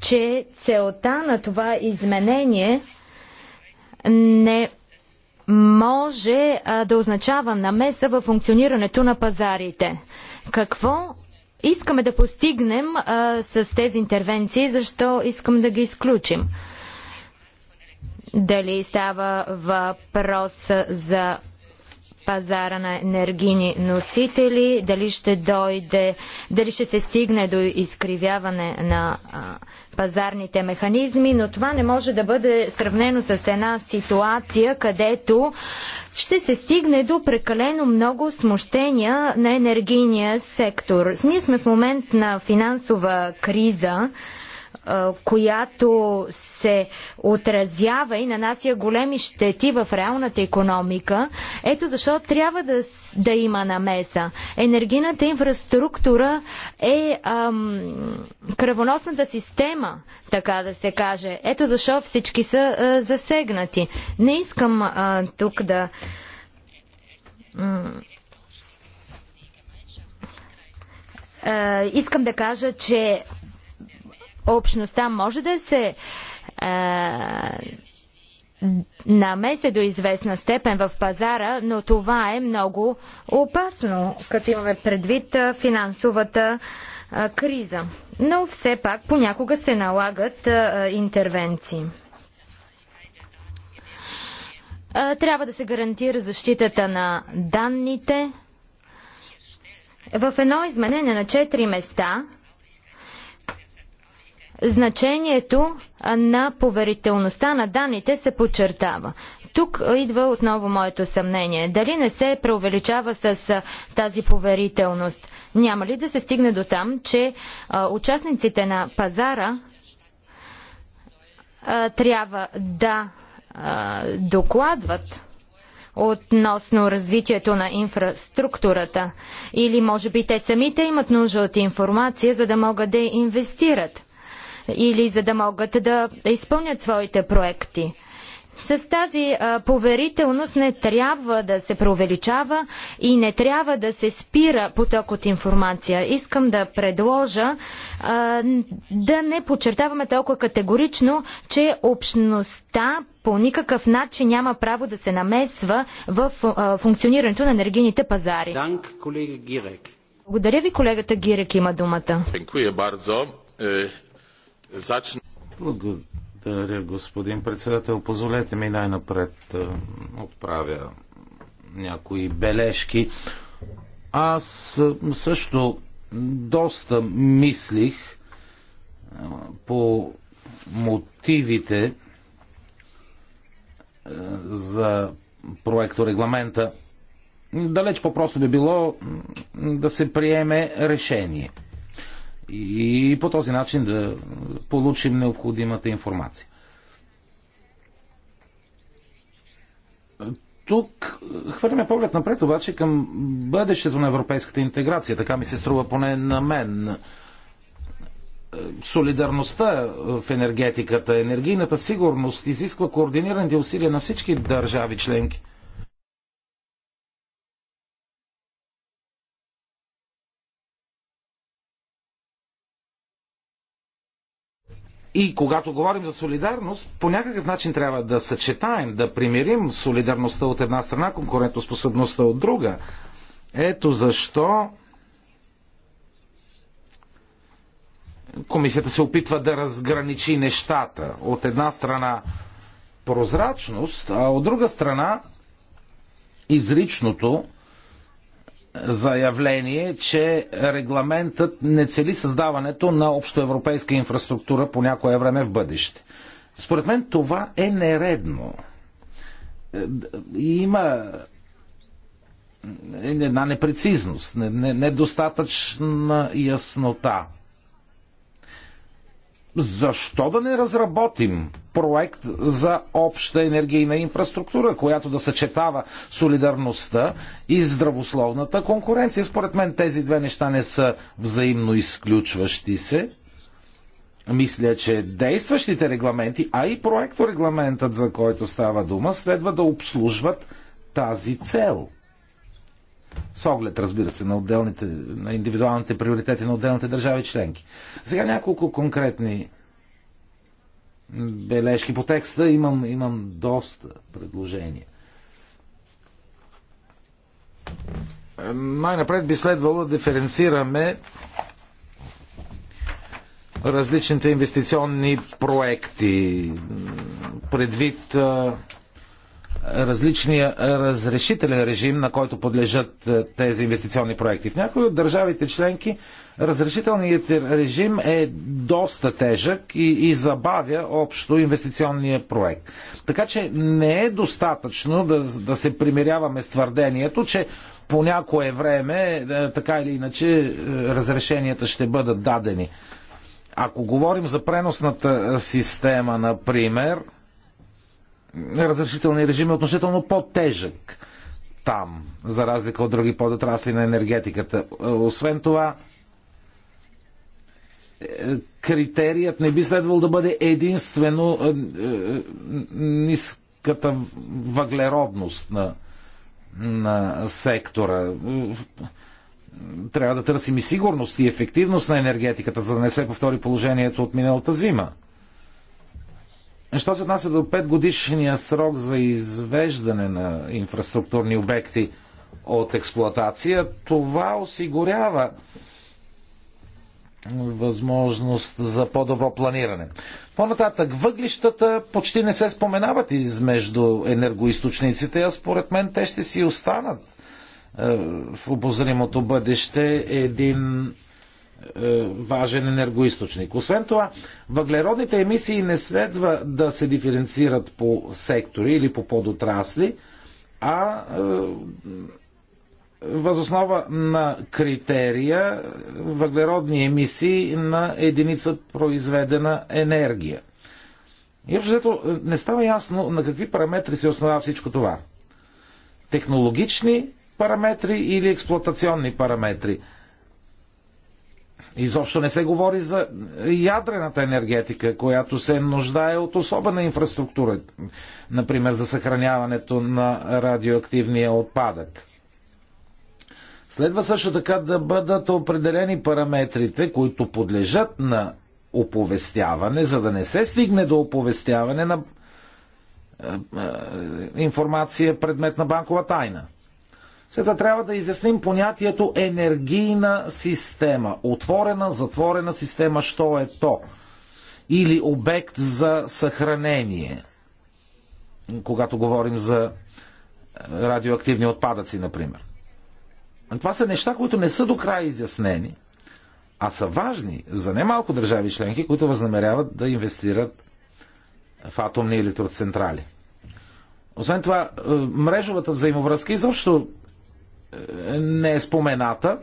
че целта на това изменение не може а, да означава намеса в функционирането на пазарите. Какво искаме да постигнем а, с тези интервенции, защо искам да ги изключим? Дали става въпрос за пазара на енергийни носители, дали ще дойде, дали ще се стигне до изкривяване на пазарните механизми, но това не може да бъде сравнено с една ситуация, където ще се стигне до прекалено много смущения на енергийния сектор. Ние сме в момент на финансова криза, която се отразява и нанася големи щети в реалната економика. Ето защо трябва да, да има намеса. Енергийната инфраструктура е ам, кръвоносната система, така да се каже. Ето защо всички са а, засегнати. Не искам а, тук да. искам да кажа, че общността може да се а, е, намесе до известна степен в пазара, но това е много опасно, като имаме предвид е, финансовата а, е, криза. Но все пак понякога се налагат а, интервенции. А, трябва да се гарантира защитата на данните. В едно изменение на четири места – Значението на поверителността на данните се подчертава. Тук идва отново моето съмнение. Дали не се преувеличава с тази поверителност? Няма ли да се стигне до там, че участниците на пазара трябва да докладват относно развитието на инфраструктурата? Или може би те самите имат нужда от информация, за да могат да инвестират? или за да могат да изпълнят своите проекти. С тази поверителност не трябва да се преувеличава и не трябва да се спира поток от информация. Искам да предложа а, да не подчертаваме толкова категорично, че общността по никакъв начин няма право да се намесва в функционирането на енергийните пазари. Данк, колега Гирек. Благодаря ви, колегата Гирек има думата. Благодаря, господин председател. Позволете ми най-напред е, отправя някои бележки. Аз е, също доста мислих е, по мотивите за проекто регламента. Далеч по-просто би било да се приеме решение – и по този начин да получим необходимата информация. Тук хвърляме поглед напред обаче към бъдещето на европейската интеграция. Така ми се струва поне на мен. Солидарността в енергетиката, енергийната сигурност изисква координираните усилия на всички държави членки – И когато говорим за солидарност, по някакъв начин трябва да съчетаем, да примирим солидарността от една страна, конкурентоспособността от друга. Ето защо комисията се опитва да разграничи нещата. От една страна прозрачност, а от друга страна изричното заявление, че регламентът не цели създаването на общоевропейска инфраструктура по някое време в бъдеще. Според мен това е нередно. Има една непрецизност, недостатъчна яснота защо да не разработим проект за обща енергийна инфраструктура, която да съчетава солидарността и здравословната конкуренция? Според мен тези две неща не са взаимно изключващи се. Мисля, че действащите регламенти, а и проекторегламентът, за който става дума, следва да обслужват тази цел – с оглед, разбира се, на, отделните, на индивидуалните приоритети на отделните държави членки. Сега няколко конкретни бележки по текста. Имам, имам доста предложения. Най-напред би следвало да диференцираме различните инвестиционни проекти, предвид различния разрешителен режим, на който подлежат е, тези инвестиционни проекти. В някои от държавите членки разрешителният режим е доста тежък и, и забавя общо инвестиционния проект. Така че не е достатъчно да, да се примиряваме с твърдението, че по някое време, е, така или иначе, е, разрешенията ще бъдат дадени. Ако говорим за преносната система, например, разрешителни режим е относително по-тежък там, за разлика от други подотрасли на енергетиката. Освен това, е, критерият не би следвал да бъде единствено е, е, ниската въглеродност на, на сектора. Трябва да търсим и сигурност и ефективност на енергетиката, за да не се повтори положението от миналата зима. Що се отнася до 5 годишния срок за извеждане на инфраструктурни обекти от експлоатация, това осигурява възможност за по-добро планиране. По-нататък, въглищата почти не се споменават измежду енергоисточниците, а според мен те ще си останат е, в обозримото бъдеще един е, важен енергоисточник. Освен това, въглеродните емисии не следва да се диференцират по сектори или по подотрасли, а е, възоснова на критерия въглеродни емисии на единица произведена енергия. И общо не става ясно на какви параметри се основава всичко това. Технологични параметри или експлуатационни параметри – Изобщо не се говори за ядрената енергетика, която се нуждае от особена инфраструктура, например за съхраняването на радиоактивния отпадък. Следва също така да бъдат определени параметрите, които подлежат на оповестяване, за да не се стигне до оповестяване на е, е, информация предмет на банкова тайна. След това трябва да изясним понятието енергийна система. Отворена, затворена система, що е то? Или обект за съхранение. Когато говорим за радиоактивни отпадъци, например. Това са неща, които не са до края изяснени, а са важни за немалко държави членки, които възнамеряват да инвестират в атомни електроцентрали. Освен това, е, мрежовата взаимовръзка изобщо не е спомената,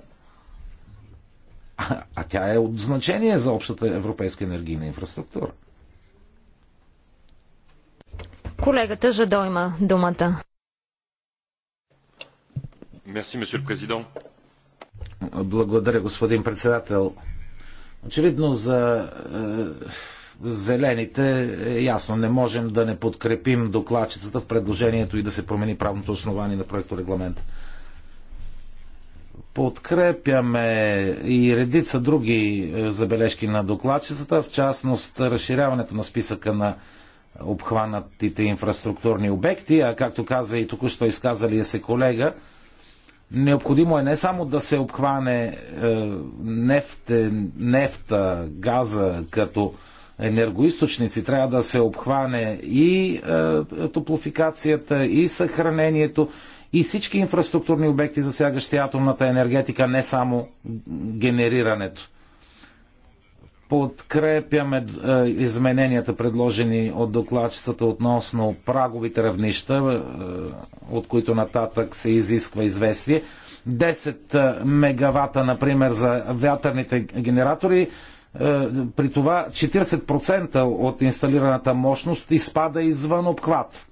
а, а тя е от значение за общата европейска енергийна инфраструктура. Колегата Жадо има думата. Мерси, месье президент. Благодаря, господин председател. Очевидно за е, зелените е ясно. Не можем да не подкрепим докладчицата в предложението и да се промени правното основание на проекто регламент. Подкрепяме и редица други е, забележки на докладчицата, в частност разширяването на списъка на обхванатите инфраструктурни обекти, а както каза и току-що изказалия се колега, необходимо е не само да се обхване е, нефте, нефта, газа като енергоисточници, трябва да се обхване и е, топлофикацията, и съхранението, и всички инфраструктурни обекти, засягащи атомната енергетика, не само генерирането. Подкрепяме е, измененията, предложени от докладчицата относно праговите равнища, е, от които нататък се изисква известие. 10 е, мегавата, например, за вятърните генератори, при това 40% от инсталираната мощност изпада извън обхват.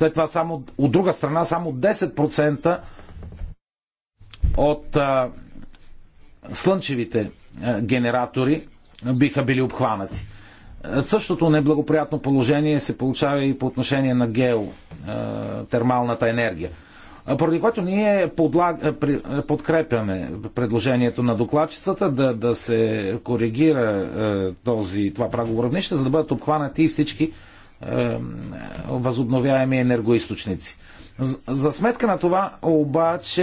След това само, от друга страна само 10% от а, слънчевите а, генератори биха били обхванати. Същото неблагоприятно положение се получава и по отношение на гео, термалната енергия. Поради което ние подлаг... подкрепяме предложението на докладчицата да, да се коригира този, това прагово равнище, за да бъдат обхванати и всички възобновяеми енергоисточници. За сметка на това обаче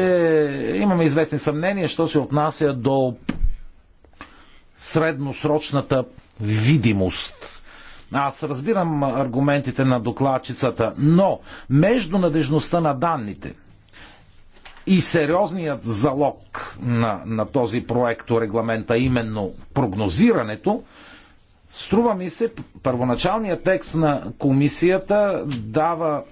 имаме известни съмнения, що се отнася до средносрочната видимост. Аз разбирам аргументите на докладчицата, но между надежността на данните и сериозният залог на, на този проект регламента, именно прогнозирането, Струва ми се, първоначалният текст на комисията дава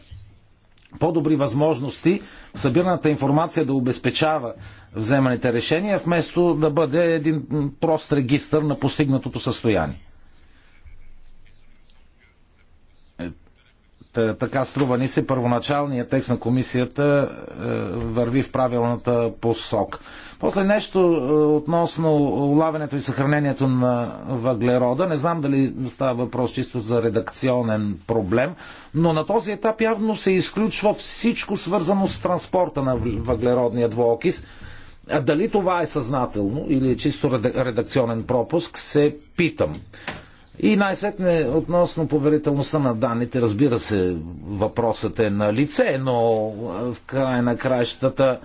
по-добри възможности събираната информация да обезпечава вземаните решения, вместо да бъде един прост регистр на постигнатото състояние. Е, така струва ни се, първоначалният текст на комисията е, върви в правилната посок. После нещо е, относно улавянето и съхранението на въглерода. Не знам дали става въпрос чисто за редакционен проблем, но на този етап явно се изключва всичко свързано с транспорта на въглеродния двуокис. А дали това е съзнателно или чисто редакционен пропуск, се питам. И най-сетне относно поверителността на данните, разбира се, въпросът е на лице, но в края на краищата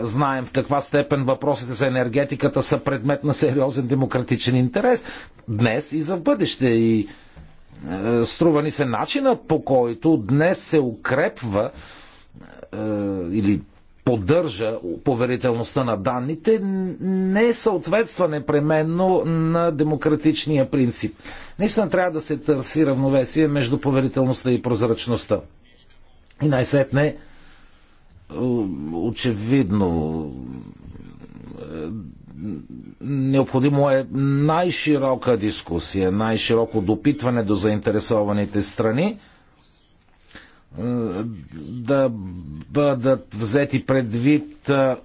знаем в каква степен въпросите за енергетиката са предмет на сериозен демократичен интерес днес и за в бъдеще. И струва ни се начинът по който днес се укрепва или поддържа поверителността на данните, не съответства непременно на демократичния принцип. Наистина трябва да се търси равновесие между поверителността и прозрачността. И най-сетне, очевидно, е, необходимо е най-широка дискусия, най-широко допитване до заинтересованите страни – е, да бъдат взети предвид е,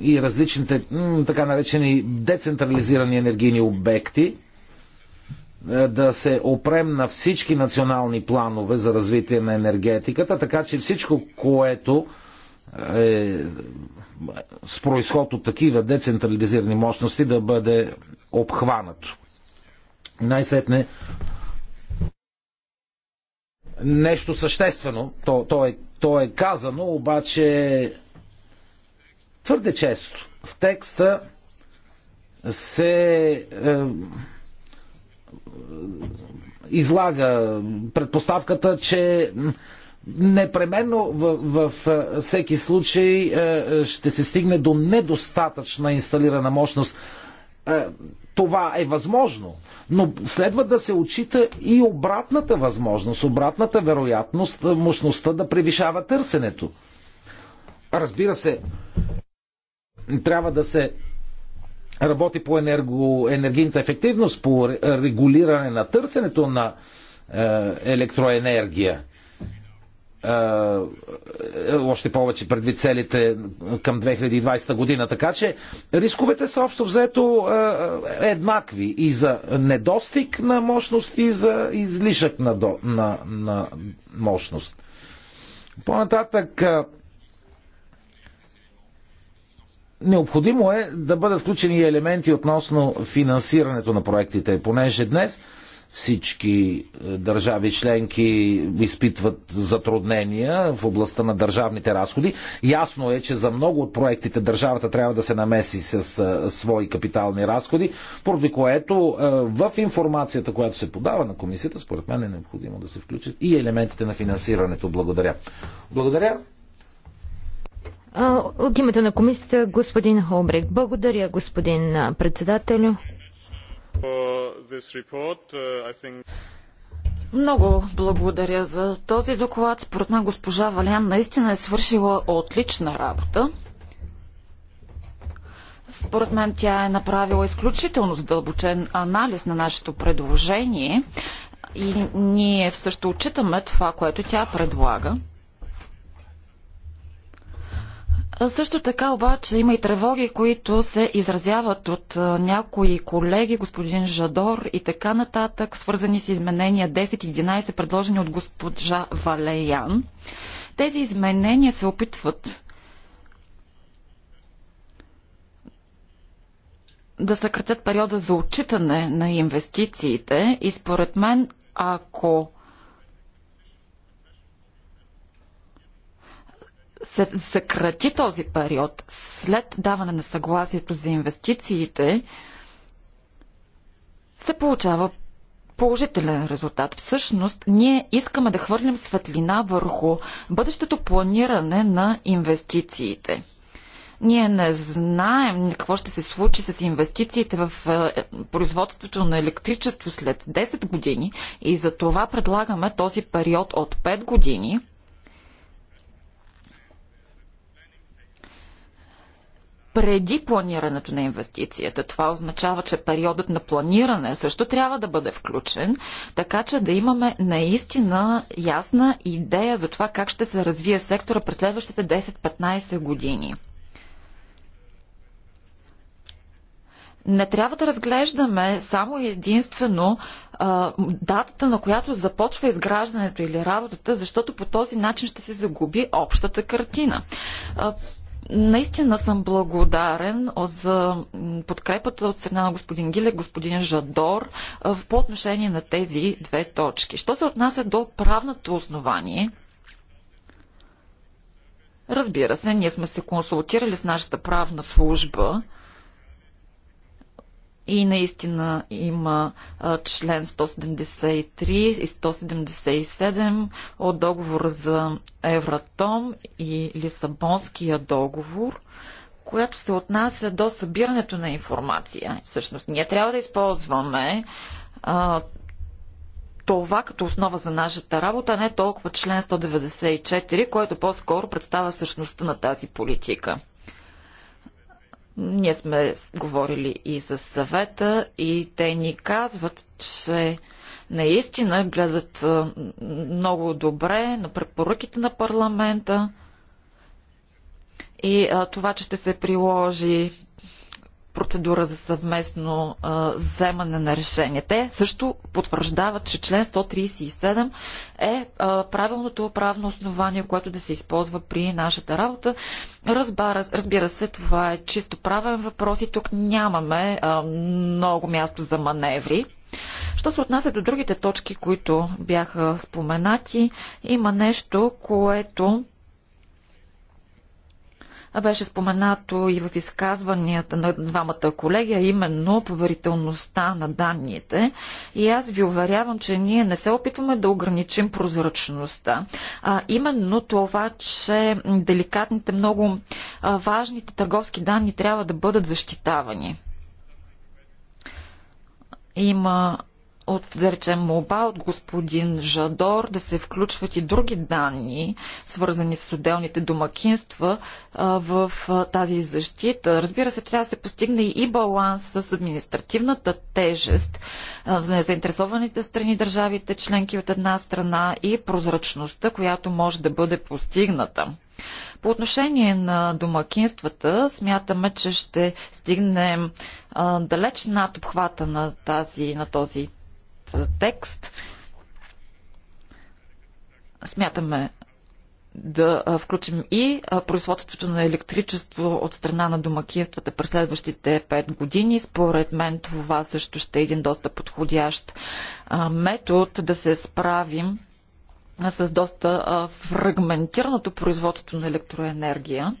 и различните така наречени децентрализирани енергийни обекти, е, да се опрем на всички национални планове за развитие на енергетиката, така че всичко, което е, с происход от такива децентрализирани мощности да бъде обхванато. Най-сетне нещо съществено. То, то, е, то е казано, обаче твърде често в текста се е, излага предпоставката, че непременно в, в е, всеки случай е, ще се стигне до недостатъчна инсталирана мощност е, това е възможно. Но следва да се отчита и обратната възможност, обратната вероятност, е, мощността да превишава търсенето. Разбира се, трябва да се работи по енерго, енергийната ефективност, по регулиране на търсенето на е, електроенергия. Е, е, още повече предвид целите към 2020 година. Така че рисковете са общо взето е, еднакви и за недостиг на мощност и за излишък на, на, на мощност. По-нататък необходимо е да бъдат включени елементи относно финансирането на проектите, понеже днес всички е, държави членки изпитват затруднения в областта на държавните разходи. Ясно е, че за много от проектите държавата трябва да се намеси с е, свои капитални разходи, поради което е, в информацията, която се подава на комисията, според мен е необходимо да се включат и елементите на финансирането. Благодаря. Благодаря. От името на комисията господин Холбрек. Благодаря, господин председателю. Много благодаря за този доклад. Според мен госпожа Валян наистина е свършила отлична работа. Според мен тя е направила изключително задълбочен анализ на нашето предложение и ние също отчитаме това, което тя предлага. Също така обаче има и тревоги, които се изразяват от някои колеги, господин Жадор и така нататък, свързани с изменения 10 и 11, предложени от госпожа Валеян. Тези изменения се опитват да съкратят периода за отчитане на инвестициите и според мен, ако се съкрати този период след даване на съгласието за инвестициите, се получава положителен резултат. Всъщност, ние искаме да хвърлим светлина върху бъдещето планиране на инвестициите. Ние не знаем какво ще се случи с инвестициите в е, производството на електричество след 10 години и за това предлагаме този период от 5 години преди планирането на инвестицията. Това означава, че периодът на планиране също трябва да бъде включен, така че да имаме наистина ясна идея за това как ще се развие сектора през следващите 10-15 години. не трябва да разглеждаме само и единствено а, датата, на която започва изграждането или работата, защото по този начин ще се загуби общата картина. А, Наистина съм благодарен за подкрепата от страна на господин Гиле, господин Жадор по отношение на тези две точки. Що се отнася до правното основание, разбира се, ние сме се консултирали с нашата правна служба и наистина има член 173 и 177 от договора за Евратом и Лисабонския договор, която се отнася до събирането на информация. Всъщност, ние трябва да използваме а, това като основа за нашата работа, а не толкова член 194, който по-скоро представя същността на тази политика. Ние сме говорили и с съвета и те ни казват, че наистина гледат много добре на препоръките на парламента и а, това, че ще се приложи процедура за съвместно вземане на решение. Те също потвърждават, че член 137 е правилното правно основание, което да се използва при нашата работа. Разбара, разбира се, това е чисто правен въпрос и тук нямаме много място за маневри. Що се отнася до другите точки, които бяха споменати, има нещо, което беше споменато и в изказванията на двамата колеги, а именно поверителността на данните. И аз ви уверявам, че ние не се опитваме да ограничим прозрачността. А именно това, че деликатните, много важните търговски данни трябва да бъдат защитавани. Има от, да речем, молба от господин Жадор да се включват и други данни, свързани с отделните домакинства в тази защита. Разбира се, трябва да се постигне и баланс с административната тежест за незаинтересованите страни, държавите, членки от една страна и прозрачността, която може да бъде постигната. По отношение на домакинствата, смятаме, че ще стигнем далеч над обхвата на, тази, на този текст. Смятаме да включим и производството на електричество от страна на домакинствата през следващите 5 години. Според мен това също ще е един доста подходящ метод да се справим с доста фрагментираното производство на електроенергия.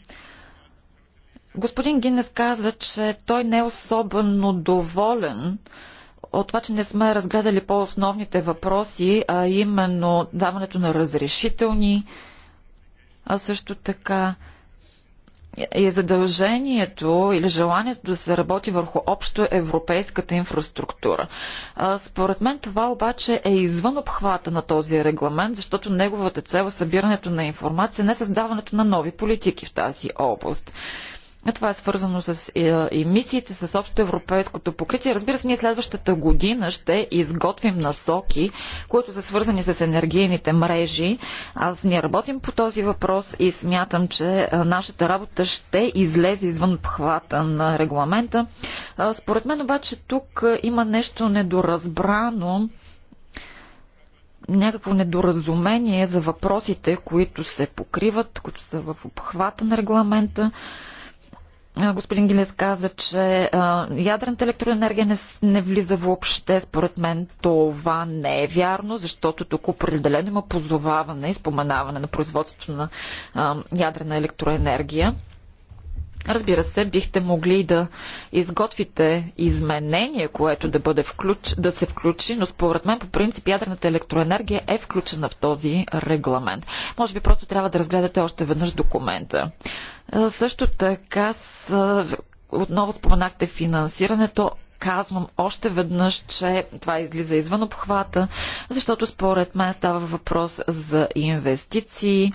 Господин Гинес каза, че той не е особено доволен от това, че не сме разгледали по-основните въпроси, а именно даването на разрешителни, а също така и задължението или желанието да се работи върху общо европейската инфраструктура. Според мен това обаче е извън обхвата на този регламент, защото неговата цел е събирането на информация, не създаването на нови политики в тази област. А това е свързано с е, емисиите, с общо европейското покритие. Разбира се, ние следващата година ще изготвим насоки, които са свързани с енергийните мрежи. Аз ние работим по този въпрос и смятам, че е, нашата работа ще излезе извън обхвата на регламента. Според мен обаче тук е, има нещо недоразбрано някакво недоразумение за въпросите, които се покриват, които са в обхвата на регламента. Господин Гилес каза, че ядрената електроенергия не, не влиза въобще. Според мен това не е вярно, защото тук определено има позоваване и споменаване на производството на ядрена електроенергия. Разбира се, бихте могли да изготвите изменение, което да, бъде включ, да се включи, но според мен по принцип ядрената електроенергия е включена в този регламент. Може би просто трябва да разгледате още веднъж документа. Също така, с, отново споменахте финансирането казвам още веднъж, че това излиза извън обхвата, защото според мен става въпрос за инвестиции,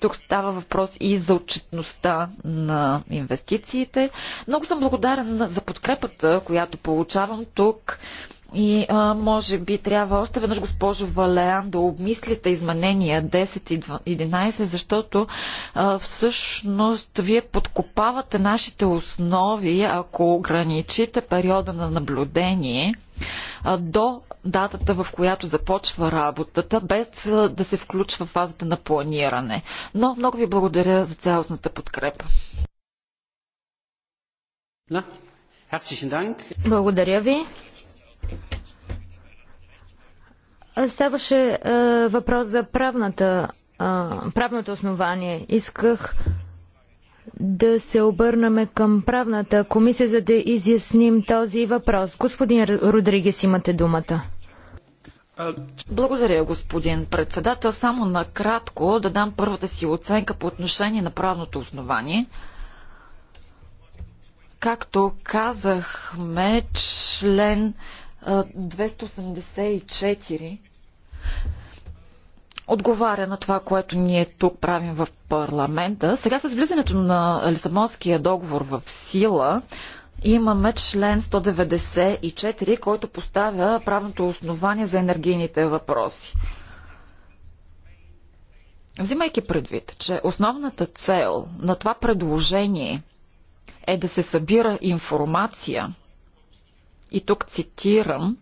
тук става въпрос и за отчетността на инвестициите. Много съм благодарен за подкрепата, която получавам тук. И а, може би трябва още веднъж, госпожо Валеан, да обмислите изменения 10 и 11, защото а, всъщност вие подкопавате нашите основи, ако ограничите периода на наблюдение а, до датата, в която започва работата, без да се включва фазата на планиране. Но много ви благодаря за цялостната подкрепа. Благодаря ви. Ставаше е, въпрос за правната, е, правното основание. Исках да се обърнаме към правната комисия, за да изясним този въпрос. Господин Родригес, имате думата. Благодаря, господин председател. Само накратко да дам първата си оценка по отношение на правното основание. Както казахме, член 284 отговаря на това, което ние тук правим в парламента. Сега с влизането на Лисабонския договор в сила, имаме член 194, който поставя правното основание за енергийните въпроси. Взимайки предвид, че основната цел на това предложение е да се събира информация, и тук цитирам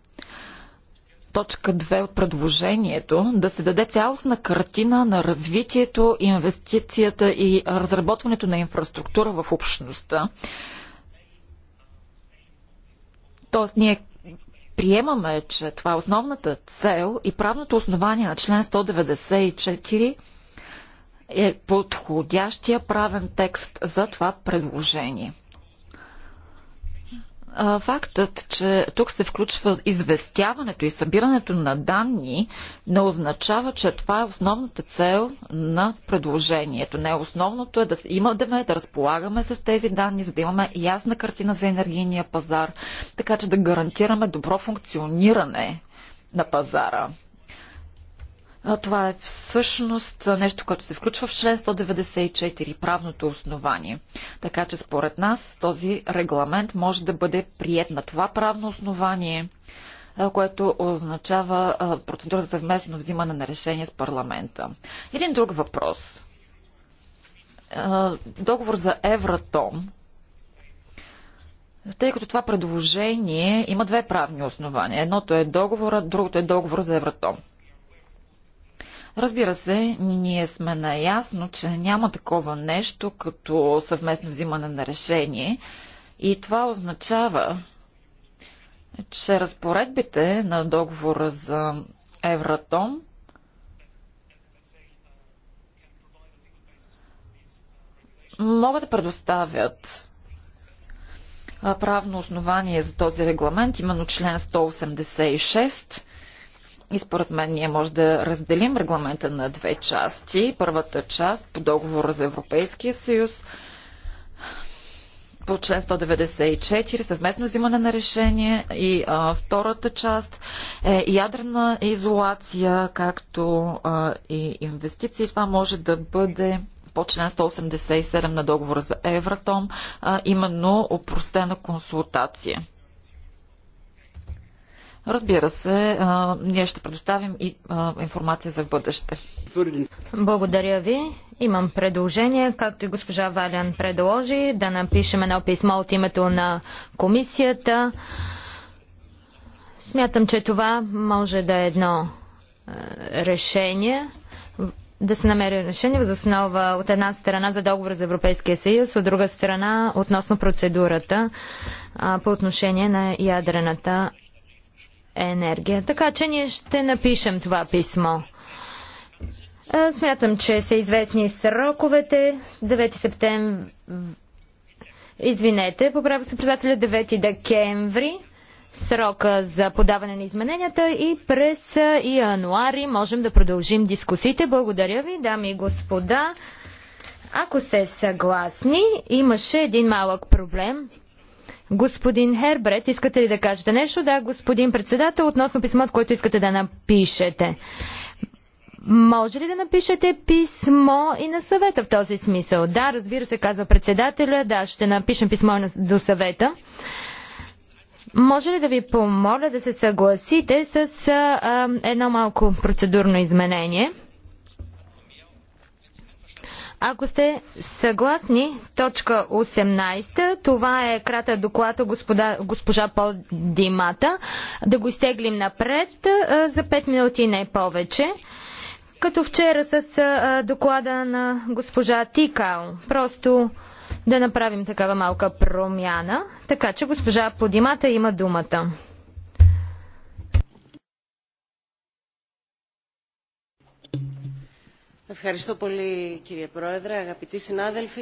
точка 2 от предложението, да се даде цялостна картина на развитието, инвестицията и разработването на инфраструктура в общността, Тоест, ние приемаме, че това е основната цел и правното основание на член 194 е подходящия правен текст за това предложение. Фактът, че тук се включва известяването и събирането на данни, не означава, че това е основната цел на предложението. Не основното е да имаме, да разполагаме с тези данни, за да имаме ясна картина за енергийния пазар, така че да гарантираме добро функциониране на пазара. Това е всъщност нещо, което се включва в член 194, правното основание. Така че според нас този регламент може да бъде прият на това правно основание, което означава процедура за съвместно взимане на решение с парламента. Един друг въпрос. Договор за Евратом, тъй като това предложение има две правни основания. Едното е договора, другото е договор за Евратом. Разбира се, ние сме наясно, че няма такова нещо като съвместно взимане на решение и това означава, че разпоредбите на договора за Евратом могат да предоставят правно основание за този регламент, именно член 186 и според мен ние може да разделим регламента на две части. Първата част по договора за Европейския съюз по член 194 съвместно взимане на решение и а, втората част е ядрена изолация, както а, и инвестиции. Това може да бъде по член 187 на договора за Евратом, а, именно опростена консултация. Разбира се, ние ще предоставим и информация за бъдеще. Благодаря ви. Имам предложение, както и госпожа Валян предложи, да напишем едно писмо от името на комисията. Смятам, че това може да е едно решение да се намери решение въз основа от една страна за договор за Европейския съюз, от друга страна относно процедурата а, по отношение на ядрената енергия. Така че ние ще напишем това писмо. Смятам, че са известни сроковете. 9 септември. Извинете, поправя се председателя 9 декември срока за подаване на измененията и през януари можем да продължим дискусиите. Благодаря ви, дами и господа. Ако сте съгласни, имаше един малък проблем. Господин Хербрет, искате ли да кажете нещо? Да, господин председател, относно писмото, което искате да напишете. Може ли да напишете писмо и на съвета в този смисъл? Да, разбира се, казва председателя. Да, ще напишем писмо до съвета. Може ли да ви помоля да се съгласите с а, едно малко процедурно изменение? Ако сте съгласни, точка 18, това е кратък доклад от госпожа Подимата, да го изтеглим напред за 5 минути не повече. Като вчера с доклада на госпожа Тикао. Просто да направим такава малка промяна. Така че госпожа Подимата има думата.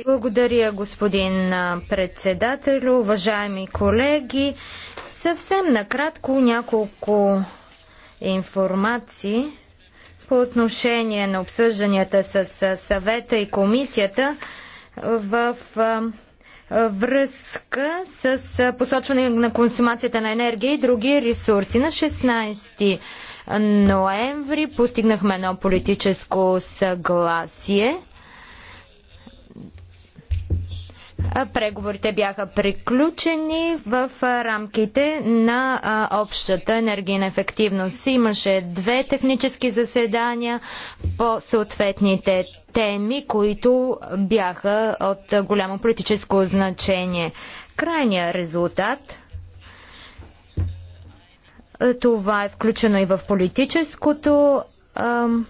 Благодаря, господин председател, уважаеми колеги. Съвсем накратко няколко информации по отношение на обсъжданията с съвета и комисията в връзка с посочване на консумацията на енергия и други ресурси. На 16 ноември постигнахме едно политическо съгласие. Преговорите бяха приключени в рамките на общата енергийна ефективност. Имаше две технически заседания по съответните теми, които бяха от голямо политическо значение. Крайният резултат е, това е включено и в политическото ам,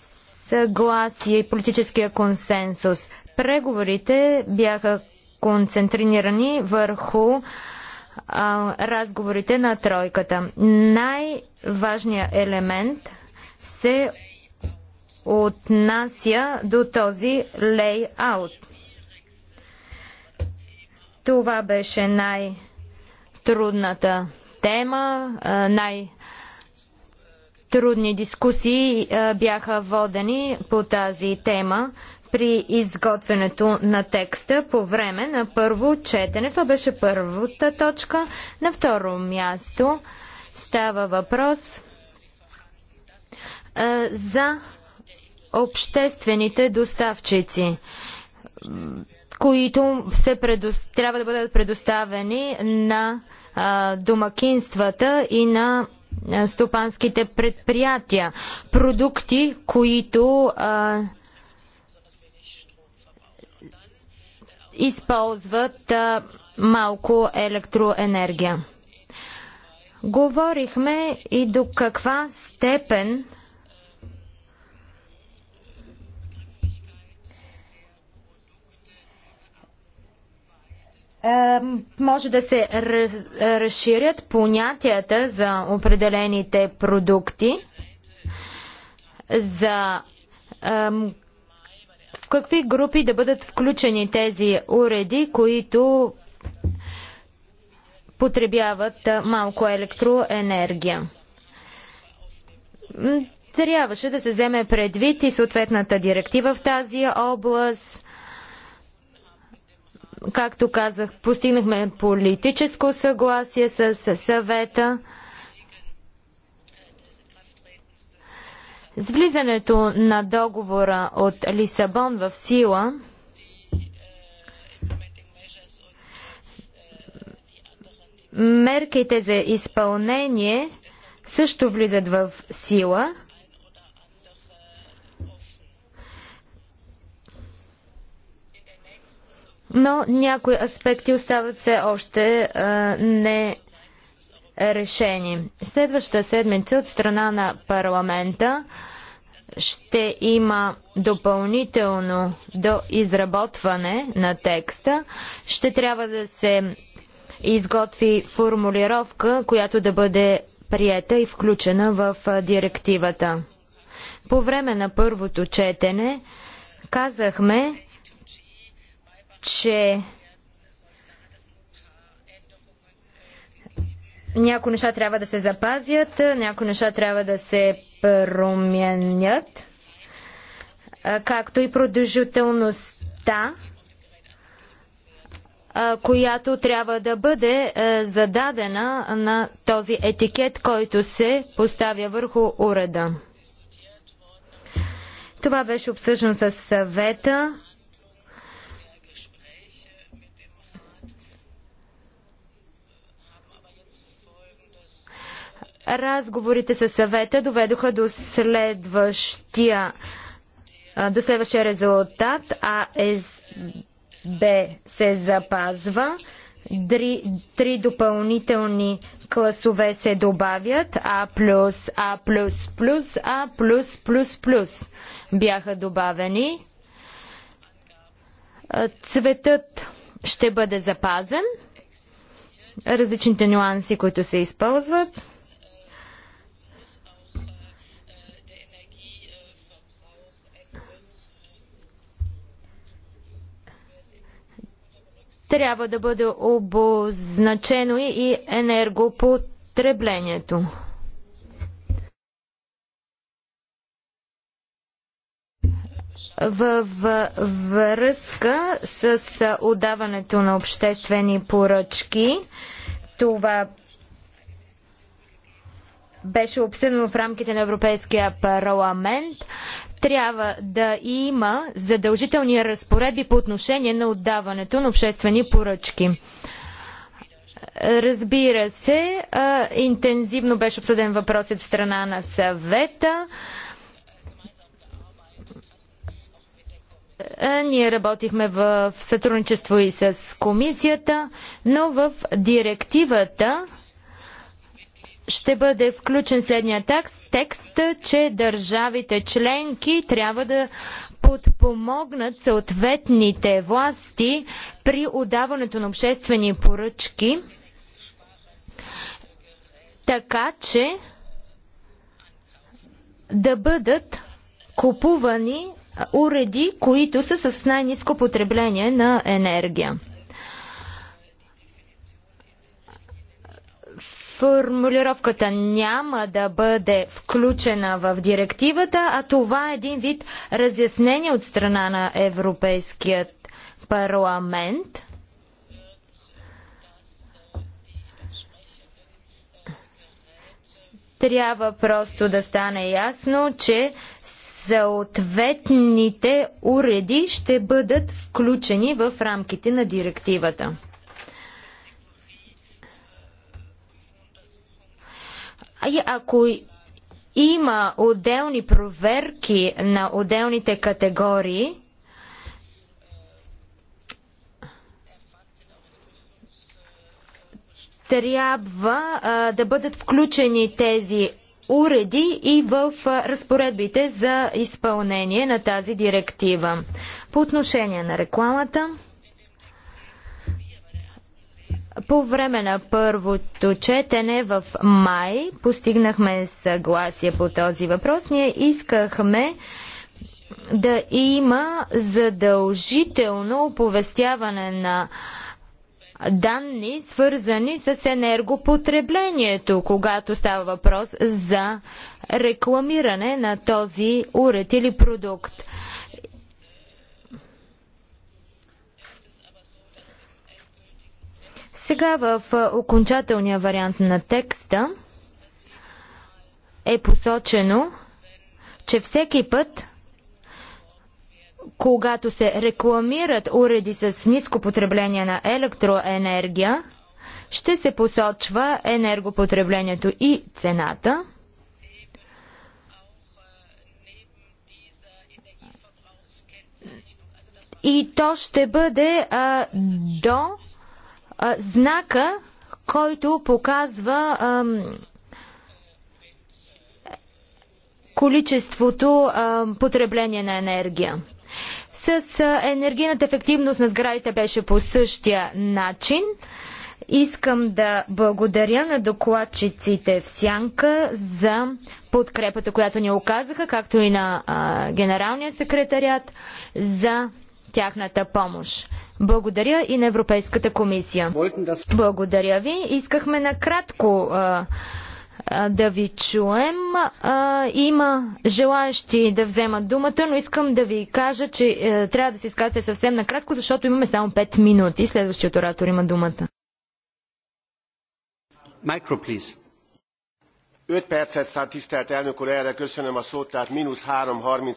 съгласие и политическия консенсус. Преговорите бяха концентрирани върху а, разговорите на тройката. Най-важният елемент се отнася до този лейаут. Това беше най-трудната тема. Най- Трудни дискусии бяха водени по тази тема при изготвянето на текста по време на първо четене. Това беше първата точка. На второ място става въпрос за обществените доставчици които все предост... трябва да бъдат предоставени на а, домакинствата и на стопанските предприятия. Продукти, които а, използват а, малко електроенергия. Говорихме и до каква степен може да се разширят понятията за определените продукти, за в какви групи да бъдат включени тези уреди, които потребяват малко електроенергия. Трябваше да се вземе предвид и съответната директива в тази област, Както казах, постигнахме политическо съгласие с съвета. С влизането на договора от Лисабон в сила, мерките за изпълнение също влизат в сила – но някои аспекти остават все още а, не решени. Следващата седмица от страна на парламента ще има допълнително до изработване на текста. Ще трябва да се изготви формулировка, която да бъде приета и включена в директивата. По време на първото четене казахме, че някои неща трябва да се запазят, някои неща трябва да се променят, както и продължителността, която трябва да бъде зададена на този етикет, който се поставя върху уреда. Това беше обсъждано с съвета. Разговорите със съвета доведоха до следващия, до следващия резултат, а СБ се запазва. Три, три допълнителни класове се добавят А+, плюс А++, плюс плюс А++++. Бяха добавени. Цветът ще бъде запазен. Различните нюанси, които се използват. трябва да бъде обозначено и енергопотреблението. Във връзка с отдаването на обществени поръчки, това беше обсъдено в рамките на Европейския парламент, трябва да има задължителни разпоредби по отношение на отдаването на обществени поръчки. Разбира се, интензивно беше обсъден въпрос от страна на съвета. Ние работихме в сътрудничество и с комисията, но в директивата ще бъде включен следния текст, текст, че държавите членки трябва да подпомогнат съответните власти при отдаването на обществени поръчки, така че да бъдат купувани уреди, които са с най-низко потребление на енергия. Формулировката няма да бъде включена в директивата, а това е един вид разяснение от страна на Европейският парламент. Трябва просто да стане ясно, че съответните уреди ще бъдат включени в рамките на директивата. И ако има отделни проверки на отделните категории, трябва а, да бъдат включени тези уреди и в а, разпоредбите за изпълнение на тази директива. По отношение на рекламата. По време на първото четене в май постигнахме съгласие по този въпрос. Ние искахме да има задължително оповестяване на данни, свързани с енергопотреблението, когато става въпрос за рекламиране на този уред или продукт. Сега в окончателния вариант на текста е посочено, че всеки път, когато се рекламират уреди с ниско потребление на електроенергия, ще се посочва енергопотреблението и цената. И то ще бъде а, до знака, който показва а, количеството а, потребление на енергия. С енергийната ефективност на сградите беше по същия начин. Искам да благодаря на докладчиците в Сянка за подкрепата, която ни оказаха, както и на а, генералния секретарят за тяхната помощ. Благодаря и на Европейската комисия. Благодаря ви. Искахме накратко а, а, да ви чуем. А, има желаящи да вземат думата, но искам да ви кажа, че а, е, трябва да се изказвате съвсем накратко, защото имаме само 5 минути. Следващият оратор има думата. Micro, please. 5 percet szánt tisztelt elnök úr, erre köszönöm a szót, tehát mínusz 3.30.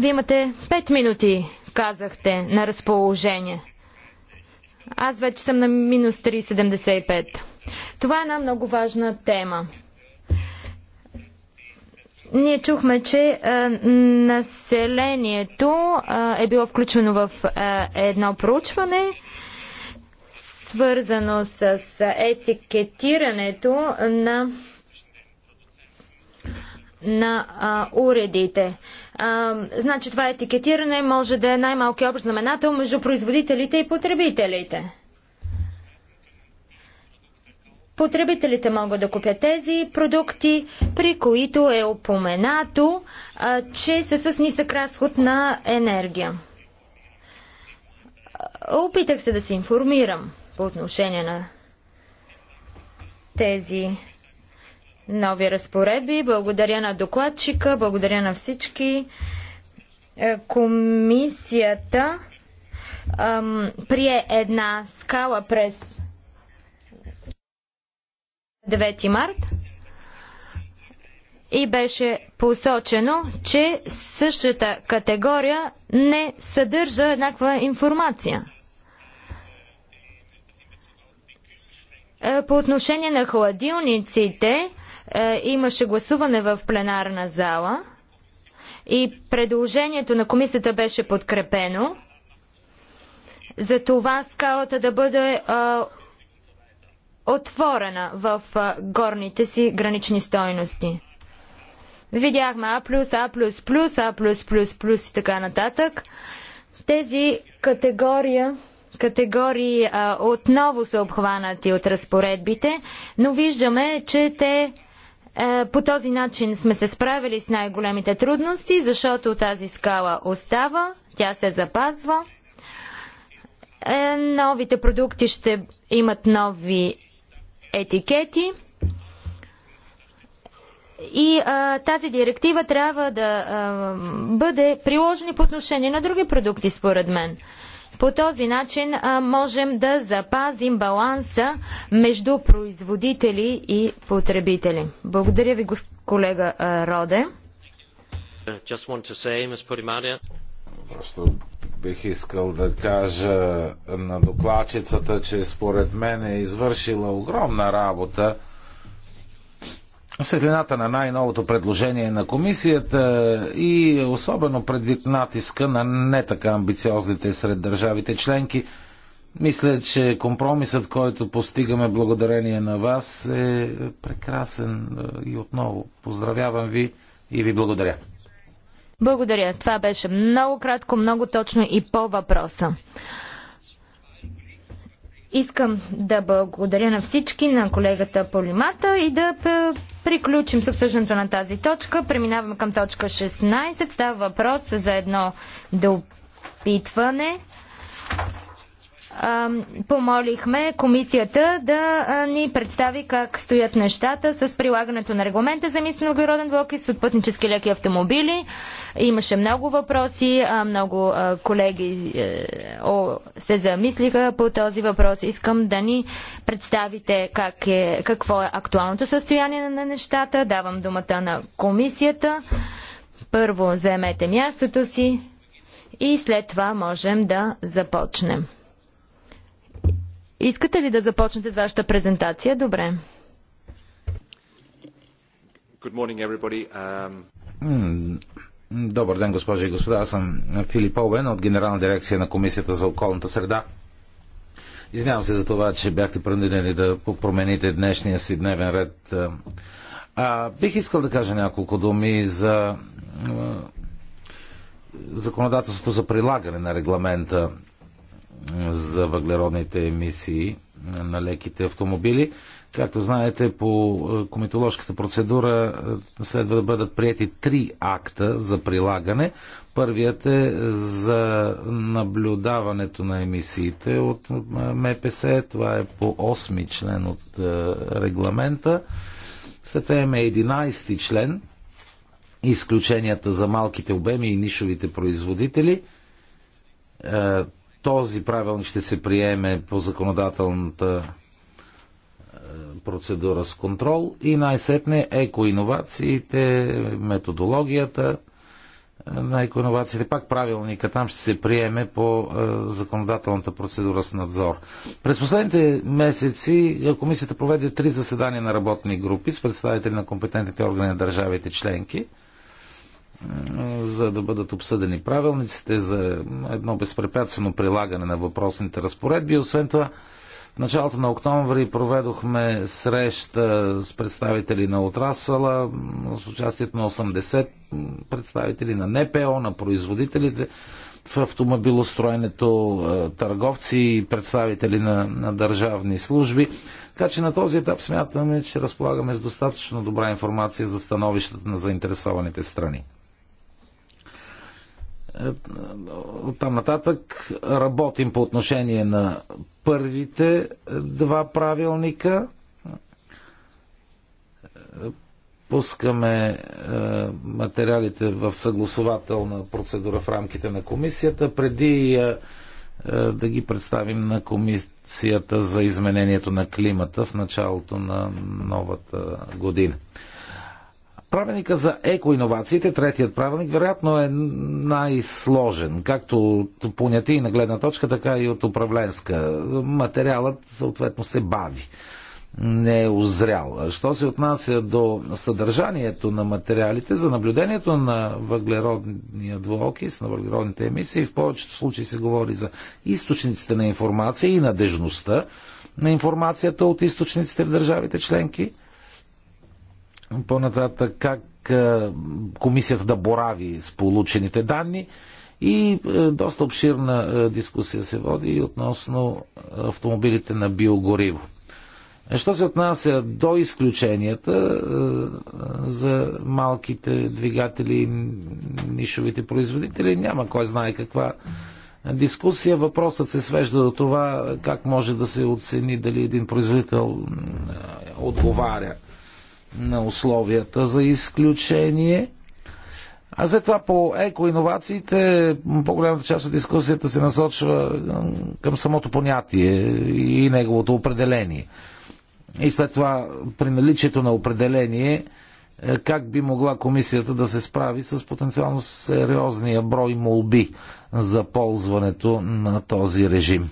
Вие имате 5 минути, казахте, на разположение. Аз вече съм на минус 3,75. Това е една много важна тема. Ние чухме, че а, населението а, е било включено в а, едно проучване, свързано с етикетирането на, на а, уредите. А, значи това етикетиране може да е най-малки общ знаменател между производителите и потребителите. Потребителите могат да купят тези продукти, при които е упоменато, а, че са с нисък разход на енергия. Опитах се да се информирам по отношение на тези нови разпоредби. Благодаря на докладчика, благодаря на всички. Е, комисията ам, прие една скала през 9 март и беше посочено, че същата категория не съдържа еднаква информация. Е, по отношение на хладилниците, е, имаше гласуване в пленарна зала и предложението на комисията беше подкрепено за това скалата да бъде а, е, отворена в а, е, горните си гранични стойности. Видяхме А+, А++, А++++, и така нататък. Тези категория, категории а, отново са обхванати от разпоредбите, но виждаме, че те е, по този начин сме се справили с най-големите трудности, защото тази скала остава, тя се запазва. Е, новите продукти ще имат нови етикети. И а, е, тази директива трябва да а, бъде приложена по отношение на други продукти, според мен. По този начин а, можем да запазим баланса между производители и потребители. Благодаря ви, колега а, Роде. Say, Просто бих искал да кажа на докладчицата, че според мен е извършила огромна работа светлината на най-новото предложение на комисията и особено предвид натиска на не така амбициозните сред държавите членки, мисля, че компромисът, който постигаме благодарение на вас е прекрасен е, и отново поздравявам ви и ви благодаря. Благодаря. Това беше много кратко, много точно и по въпроса. Искам да благодаря на всички, на колегата Полимата и да приключим с обсъждането на тази точка. Преминаваме към точка 16. Става въпрос за едно допитване помолихме комисията да ни представи как стоят нещата с прилагането на регламента за мислен въглероден двуокис от пътнически леки автомобили. Имаше много въпроси, много колеги е, се замислиха по този въпрос. Искам да ни представите как е, какво е актуалното състояние на нещата. Давам думата на комисията. Първо заемете мястото си и след това можем да започнем. Искате ли да започнете с вашата презентация? Добре. Um, добър ден, госпожи и господа. Аз съм Филип Овен от Генерална дирекция на Комисията за околната среда. Извинявам се за това, че бяхте принудени да промените днешния си дневен ред. А, бих искал да кажа няколко думи за законодателството за прилагане на регламента за въглеродните емисии на леките автомобили. Както знаете, по е, комитоложката процедура е, следва да бъдат прияти три акта за прилагане. Първият е за наблюдаването на емисиите от е, МПС. Това е по 8 член от регламента. След това е 11 член. Изключенията за малките обеми и нишовите производители този правилник ще се приеме по законодателната е, процедура с контрол и най-сетне екоинновациите, методологията е, на екоинновациите. Пак правилника там ще се приеме по е, законодателната процедура с надзор. През последните месеци комисията проведе три заседания на работни групи с представители на компетентните органи на държавите членки – за да бъдат обсъдени правилниците за едно безпрепятствено прилагане на въпросните разпоредби. Освен това, в началото на октомври проведохме среща с представители на отрасъла, с участието на 80 представители на НПО, на производителите в автомобилостроенето, е, търговци и представители на, на държавни служби. Така че на този етап смятаме, че разполагаме с достатъчно добра информация за становищата на заинтересованите страни. Е, е, оттам нататък работим по отношение на първите два правилника. Пускаме е, материалите в съгласователна процедура в рамките на комисията. Преди да ги представим на комисията за изменението на климата в началото на новата година. Правилника за екоиновациите, третият правилник, вероятно е най-сложен, както от на гледна точка, така и от управленска. Материалът съответно се бави не е озрял. Що се отнася до съдържанието на материалите, за наблюдението на въглеродния двуокис, на въглеродните емисии, в повечето случаи се говори за източниците на информация и надежността на информацията от източниците в държавите членки – по-нататък как комисията да борави с получените данни и доста обширна дискусия се води относно автомобилите на биогориво. Е, що се отнася до изключенията за малките двигатели и нишовите производители, няма кой знае каква дискусия. Въпросът се свежда до това как може да се оцени дали един производител отговаря на условията за изключение. А след това по екоинновациите по-голямата част от дискусията се насочва към самото понятие и неговото определение. И след това при наличието на определение е, как би могла комисията да се справи с потенциално сериозния брой молби за ползването на този режим.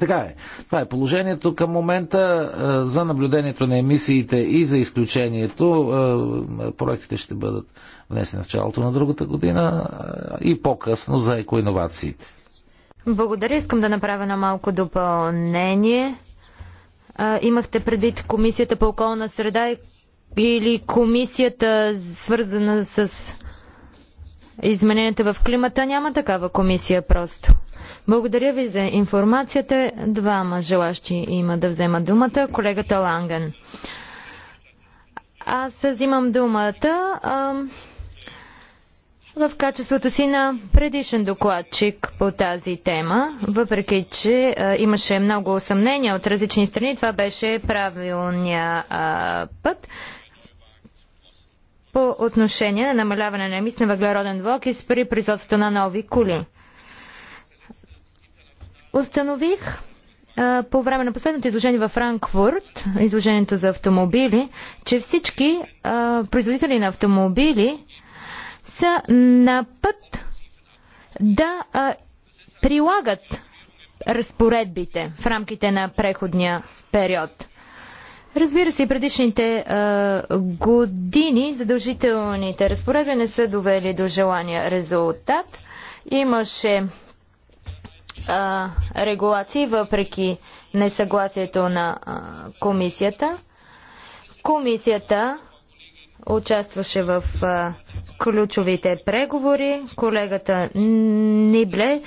Така е. Това е положението към момента за наблюдението на емисиите и за изключението. Проектите ще бъдат внесени в началото на другата година и по-късно за екоинновациите. Благодаря. Искам да направя на малко допълнение. Имахте предвид Комисията по околна среда или Комисията свързана с измененията в климата. Няма такава комисия просто. Благодаря ви за информацията. Двама желащи има да взема думата. Колегата Ланген. Аз взимам думата а, в качеството си на предишен докладчик по тази тема, въпреки че а, имаше много съмнения от различни страни, това беше правилния а, път по отношение на намаляване на емис на въглероден двуокис при производството на нови коли. Установих по време на последното изложение във Франкфурт, изложението за автомобили, че всички а, производители на автомобили са на път да а, прилагат разпоредбите в рамките на преходния период. Разбира се, и предишните а, години задължителните разпоредби не са довели до желания резултат. Имаше а, регулации, въпреки несъгласието на а, комисията. Комисията участваше в а, ключовите преговори. Колегата Нибле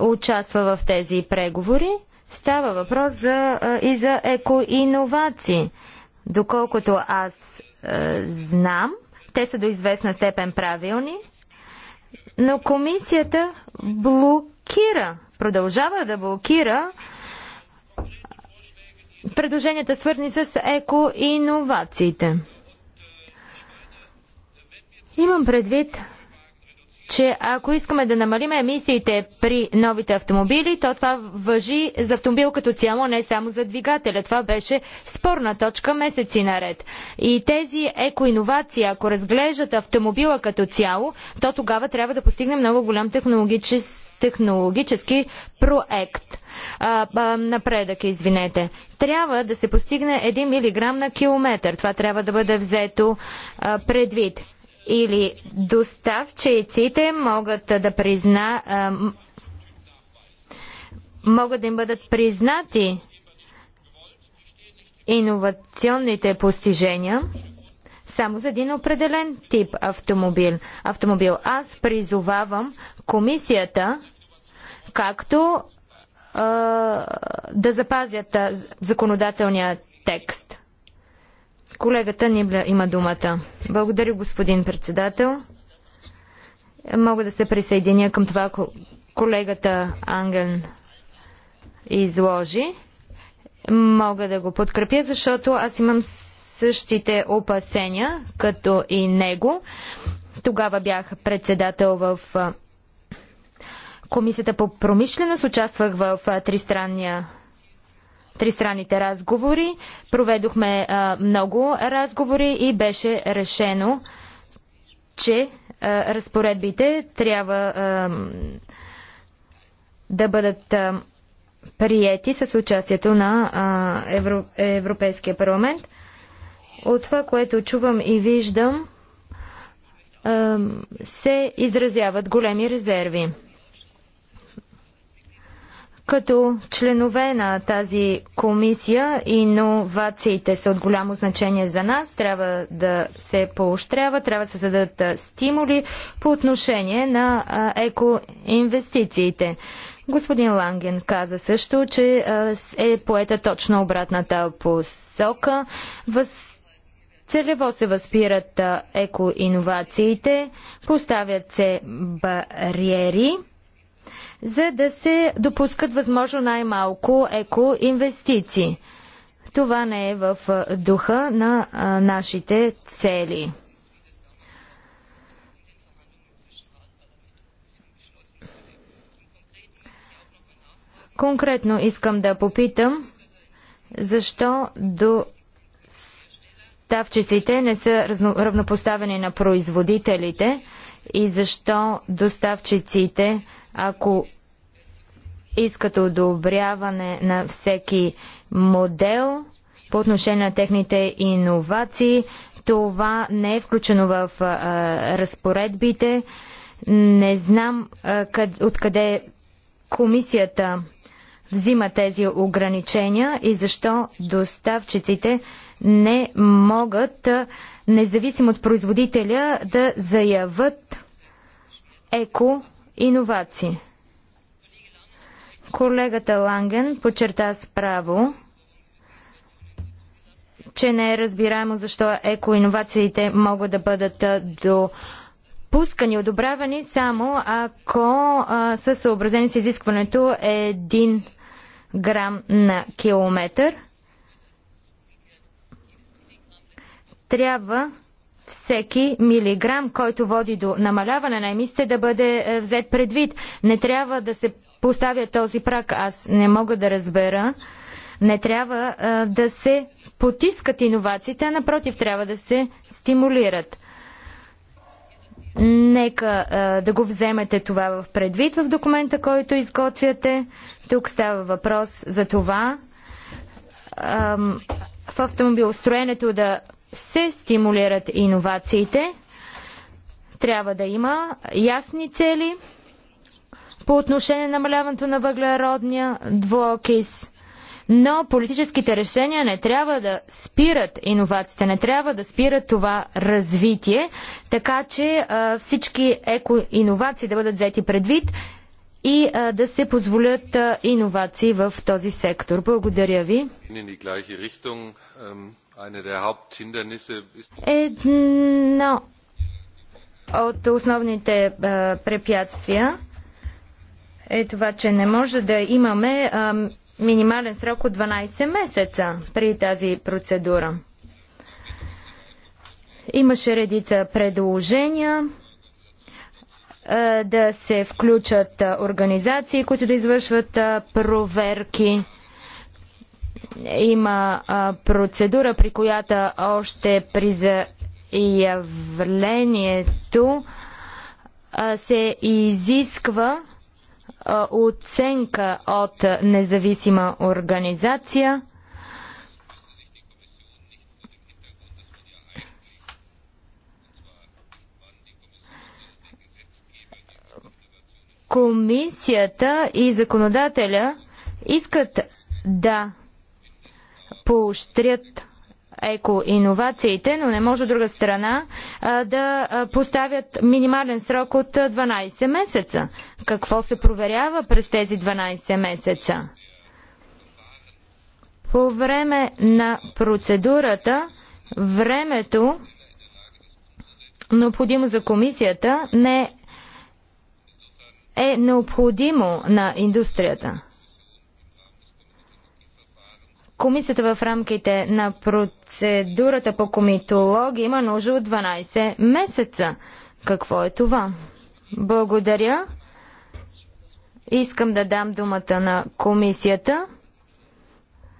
участва в тези преговори. Става въпрос за, а, и за екоинновации. Доколкото аз а, знам, те са до известна степен правилни, но комисията блок блокира, продължава да блокира предложенията свързани с еко иновациите. Имам предвид, че ако искаме да намалим емисиите при новите автомобили, то това въжи за автомобил като цяло, не само за двигателя. Това беше спорна точка месеци наред. И тези екоинновации, ако разглеждат автомобила като цяло, то тогава трябва да постигне много голям технологичен технологически проект. А, а, напредък, извинете. Трябва да се постигне 1 мг на километър. Това трябва да бъде взето а, предвид. Или доставчиците могат да призна. А, могат да им бъдат признати иновационните постижения само за един определен тип автомобил. автомобил. Аз призовавам комисията както а, да запазят а, законодателния текст. Колегата ни има думата. Благодаря, господин председател. Мога да се присъединя към това, колегата Ангел изложи. Мога да го подкрепя, защото аз имам същите опасения, като и него. Тогава бях председател в Комисията по промишленост участвах в тристранния тристранните разговори. Проведохме а, много разговори и беше решено, че а, разпоредбите трябва а, да бъдат а, приети с участието на а, Евро, Европейския парламент. От това, което чувам и виждам, а, се изразяват големи резерви. Като членове на тази комисия, иновациите са от голямо значение за нас. Трябва да се поощрява, трябва да се зададат стимули по отношение на екоинвестициите. Господин Ланген каза също, че е поета точно обратната посока. Въз... Целево се възпират екоинновациите, поставят се бариери – за да се допускат възможно най-малко екоинвестиции. Това не е в духа на а, нашите цели. Конкретно искам да попитам защо до доставчиците не са равнопоставени на производителите и защо доставчиците, ако искат одобряване на всеки модел по отношение на техните иновации. Това не е включено в а, разпоредбите. Не знам а, къд, откъде комисията взима тези ограничения и защо доставчиците не могат, независимо от производителя, да заявят еко иновации. Колегата Ланген подчерта справо, че не е разбираемо защо екоинновациите могат да бъдат допускани, одобрявани само ако а, са съобразени с изискването 1 грам на километър. Трябва всеки милиграм, който води до намаляване на емисиите, да бъде е, взет предвид. Не трябва да се поставя този прак. Аз не мога да разбера. Не трябва а, е, да се потискат иновациите, а напротив, трябва да се стимулират. Нека а, е, да го вземете това в предвид в документа, който изготвяте. Тук става въпрос за това а, в автомобилостроенето да се стимулират иновациите. Трябва да има ясни цели по отношение на намаляването на въглеродния двуокис. Но политическите решения не трябва да спират иновациите, не трябва да спират това развитие, така че а, всички еко-инновации да бъдат взети предвид и а, да се позволят а, иновации в този сектор. Благодаря ви. Едно от основните е, препятствия е това, че не може да имаме е, минимален срок от 12 месеца при тази процедура. Имаше редица предложения е, да се включат организации, които да извършват проверки има а, процедура, при която още при заявлението а, се изисква а, оценка от независима организация. Комисията и законодателя искат да поощрят екоинновациите, но не може от друга страна да поставят минимален срок от 12 месеца. Какво се проверява през тези 12 месеца? По време на процедурата, времето, необходимо за комисията, не е необходимо на индустрията. Комисията в рамките на процедурата по комитология има нужда от 12 месеца. Какво е това? Благодаря. Искам да дам думата на комисията,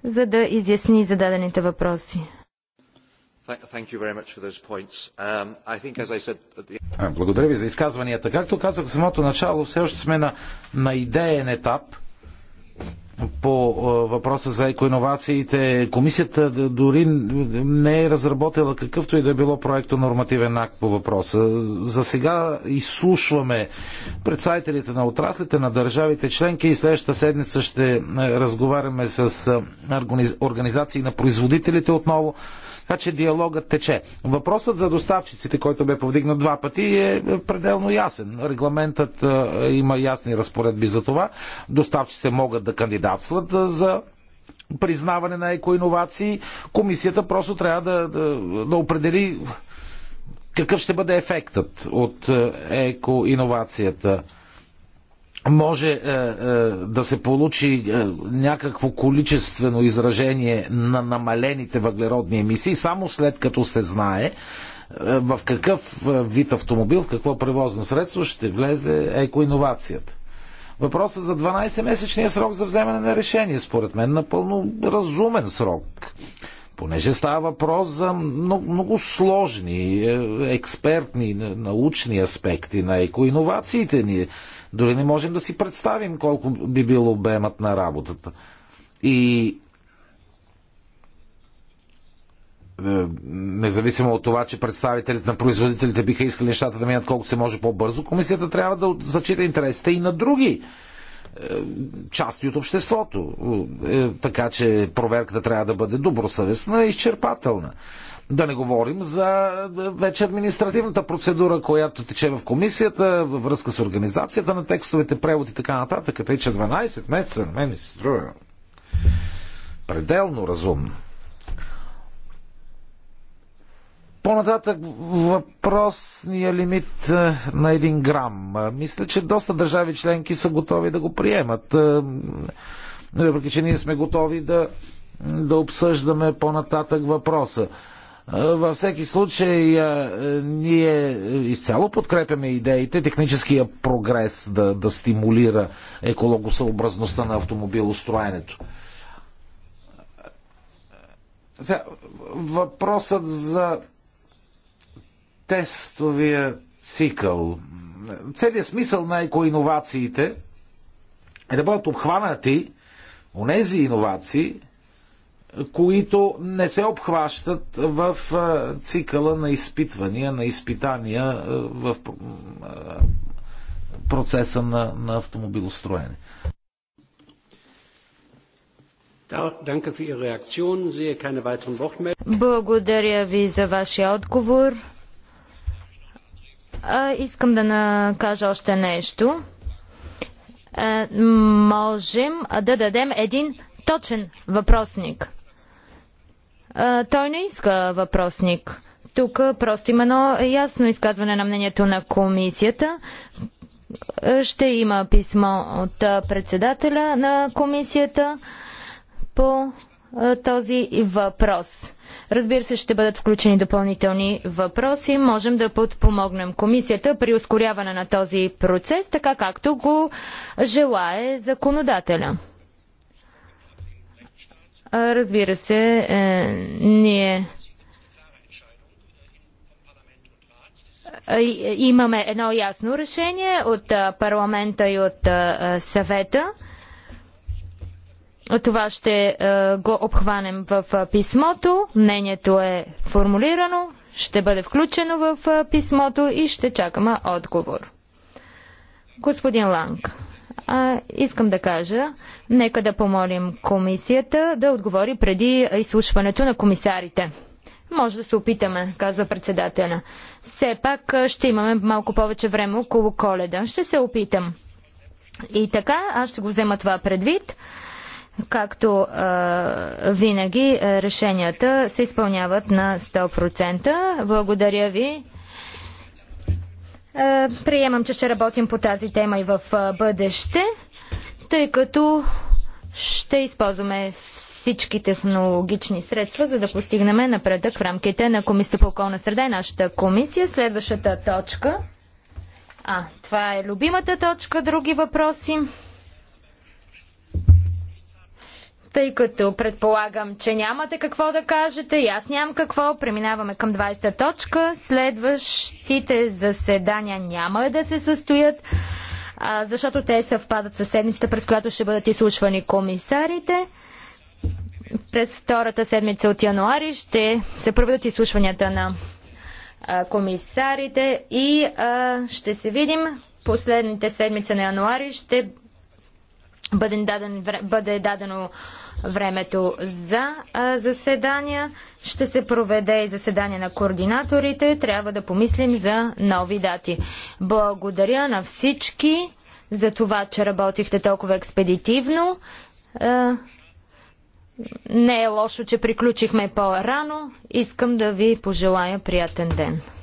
за да изясни зададените въпроси. Um, благодаря ви за изказванията. Както казах в самото начало, все още сме на, на идеен етап – по въпроса за екоинновациите. Комисията дори не е разработила какъвто и да е било проекто нормативен акт по въпроса. За сега изслушваме представителите на отраслите, на държавите членки и следващата седмица ще разговаряме с организации на производителите отново. Така че диалогът тече. Въпросът за доставчиците, който бе повдигнат два пъти, е, е пределно ясен. Регламентът има ясни разпоредби за това. Доставчиците могат да кандидатстват кандидатстват за признаване на екоиновации. Комисията просто трябва да, да, да определи какъв ще бъде ефектът от е, екоиновацията може е, е, да се получи е, някакво количествено изражение на намалените въглеродни емисии, само след като се знае е, в какъв е, вид автомобил, в какво превозно средство ще влезе екоиновацията. Въпросът за 12-месечния срок за вземане на решение, според мен, напълно разумен срок. Понеже става въпрос за много, много сложни, е, експертни, научни аспекти на екоинновациите ни. Дори не можем да си представим колко би бил обемът на работата. И Е, независимо от това, че представителите на производителите биха искали нещата да минат колкото се може по-бързо, комисията трябва да зачита интересите и на други е, части от обществото. Е, така че проверката трябва да бъде добросъвестна и изчерпателна. Да не говорим за вече административната процедура, която тече в комисията, във връзка с организацията на текстовете, превод и така нататък. Тъй, че 12 месеца на мен ми се струва пределно разумно. По-нататък въпросния лимит е, на 1 грам. Е, мисля, че доста държави членки са готови да го приемат. Е, въпреки, че ние сме готови да, да обсъждаме по-нататък въпроса. Във всеки случай, ние изцяло подкрепяме идеите техническия прогрес да, да стимулира екологосъобразността на автомобилостроенето. Въпросът за тестовия цикъл. Целият смисъл на екоиновациите е да бъдат обхванати онези иновации, които не се обхващат в цикъла на изпитвания, на изпитания в процеса на, на автомобилостроене. Благодаря ви за вашия отговор. А, искам да накажа още нещо. А, можем да дадем един точен въпросник. А, той не иска въпросник. Тук просто има едно ясно изказване на мнението на комисията. Ще има писмо от председателя на комисията по този въпрос. Разбира се, ще бъдат включени допълнителни въпроси. Можем да подпомогнем комисията при ускоряване на този процес, така както го желае законодателя. Разбира се, е, ние е, имаме едно ясно решение от парламента и от съвета. Това ще е, го обхванем в е, писмото. Мнението е формулирано, ще бъде включено в е, писмото и ще чакаме отговор. Господин Ланг, а, искам да кажа, нека да помолим комисията да отговори преди изслушването на комисарите. Може да се опитаме, казва председателя. Все пак ще имаме малко повече време около коледа. Ще се опитам. И така, аз ще го взема това предвид. Както а, винаги, решенията се изпълняват на 100%. Благодаря ви. А, приемам, че ще работим по тази тема и в бъдеще, тъй като ще използваме всички технологични средства, за да постигнем напредък в рамките на Комисията по околна среда и нашата комисия. Следващата точка. А, това е любимата точка. Други въпроси? Тъй като предполагам, че нямате какво да кажете и аз нямам какво, преминаваме към 20-та точка. Следващите заседания няма да се състоят, а, защото те съвпадат със седмицата, през която ще бъдат изслушвани комисарите. През втората седмица от януари ще се проведат изслушванията на а, комисарите и а, ще се видим последните седмица на януари ще бъде, даден, бъде дадено времето за заседания. Ще се проведе и заседание на координаторите. Трябва да помислим за нови дати. Благодаря на всички за това, че работихте толкова експедитивно. не е лошо, че приключихме по-рано. Искам да ви пожелая приятен ден.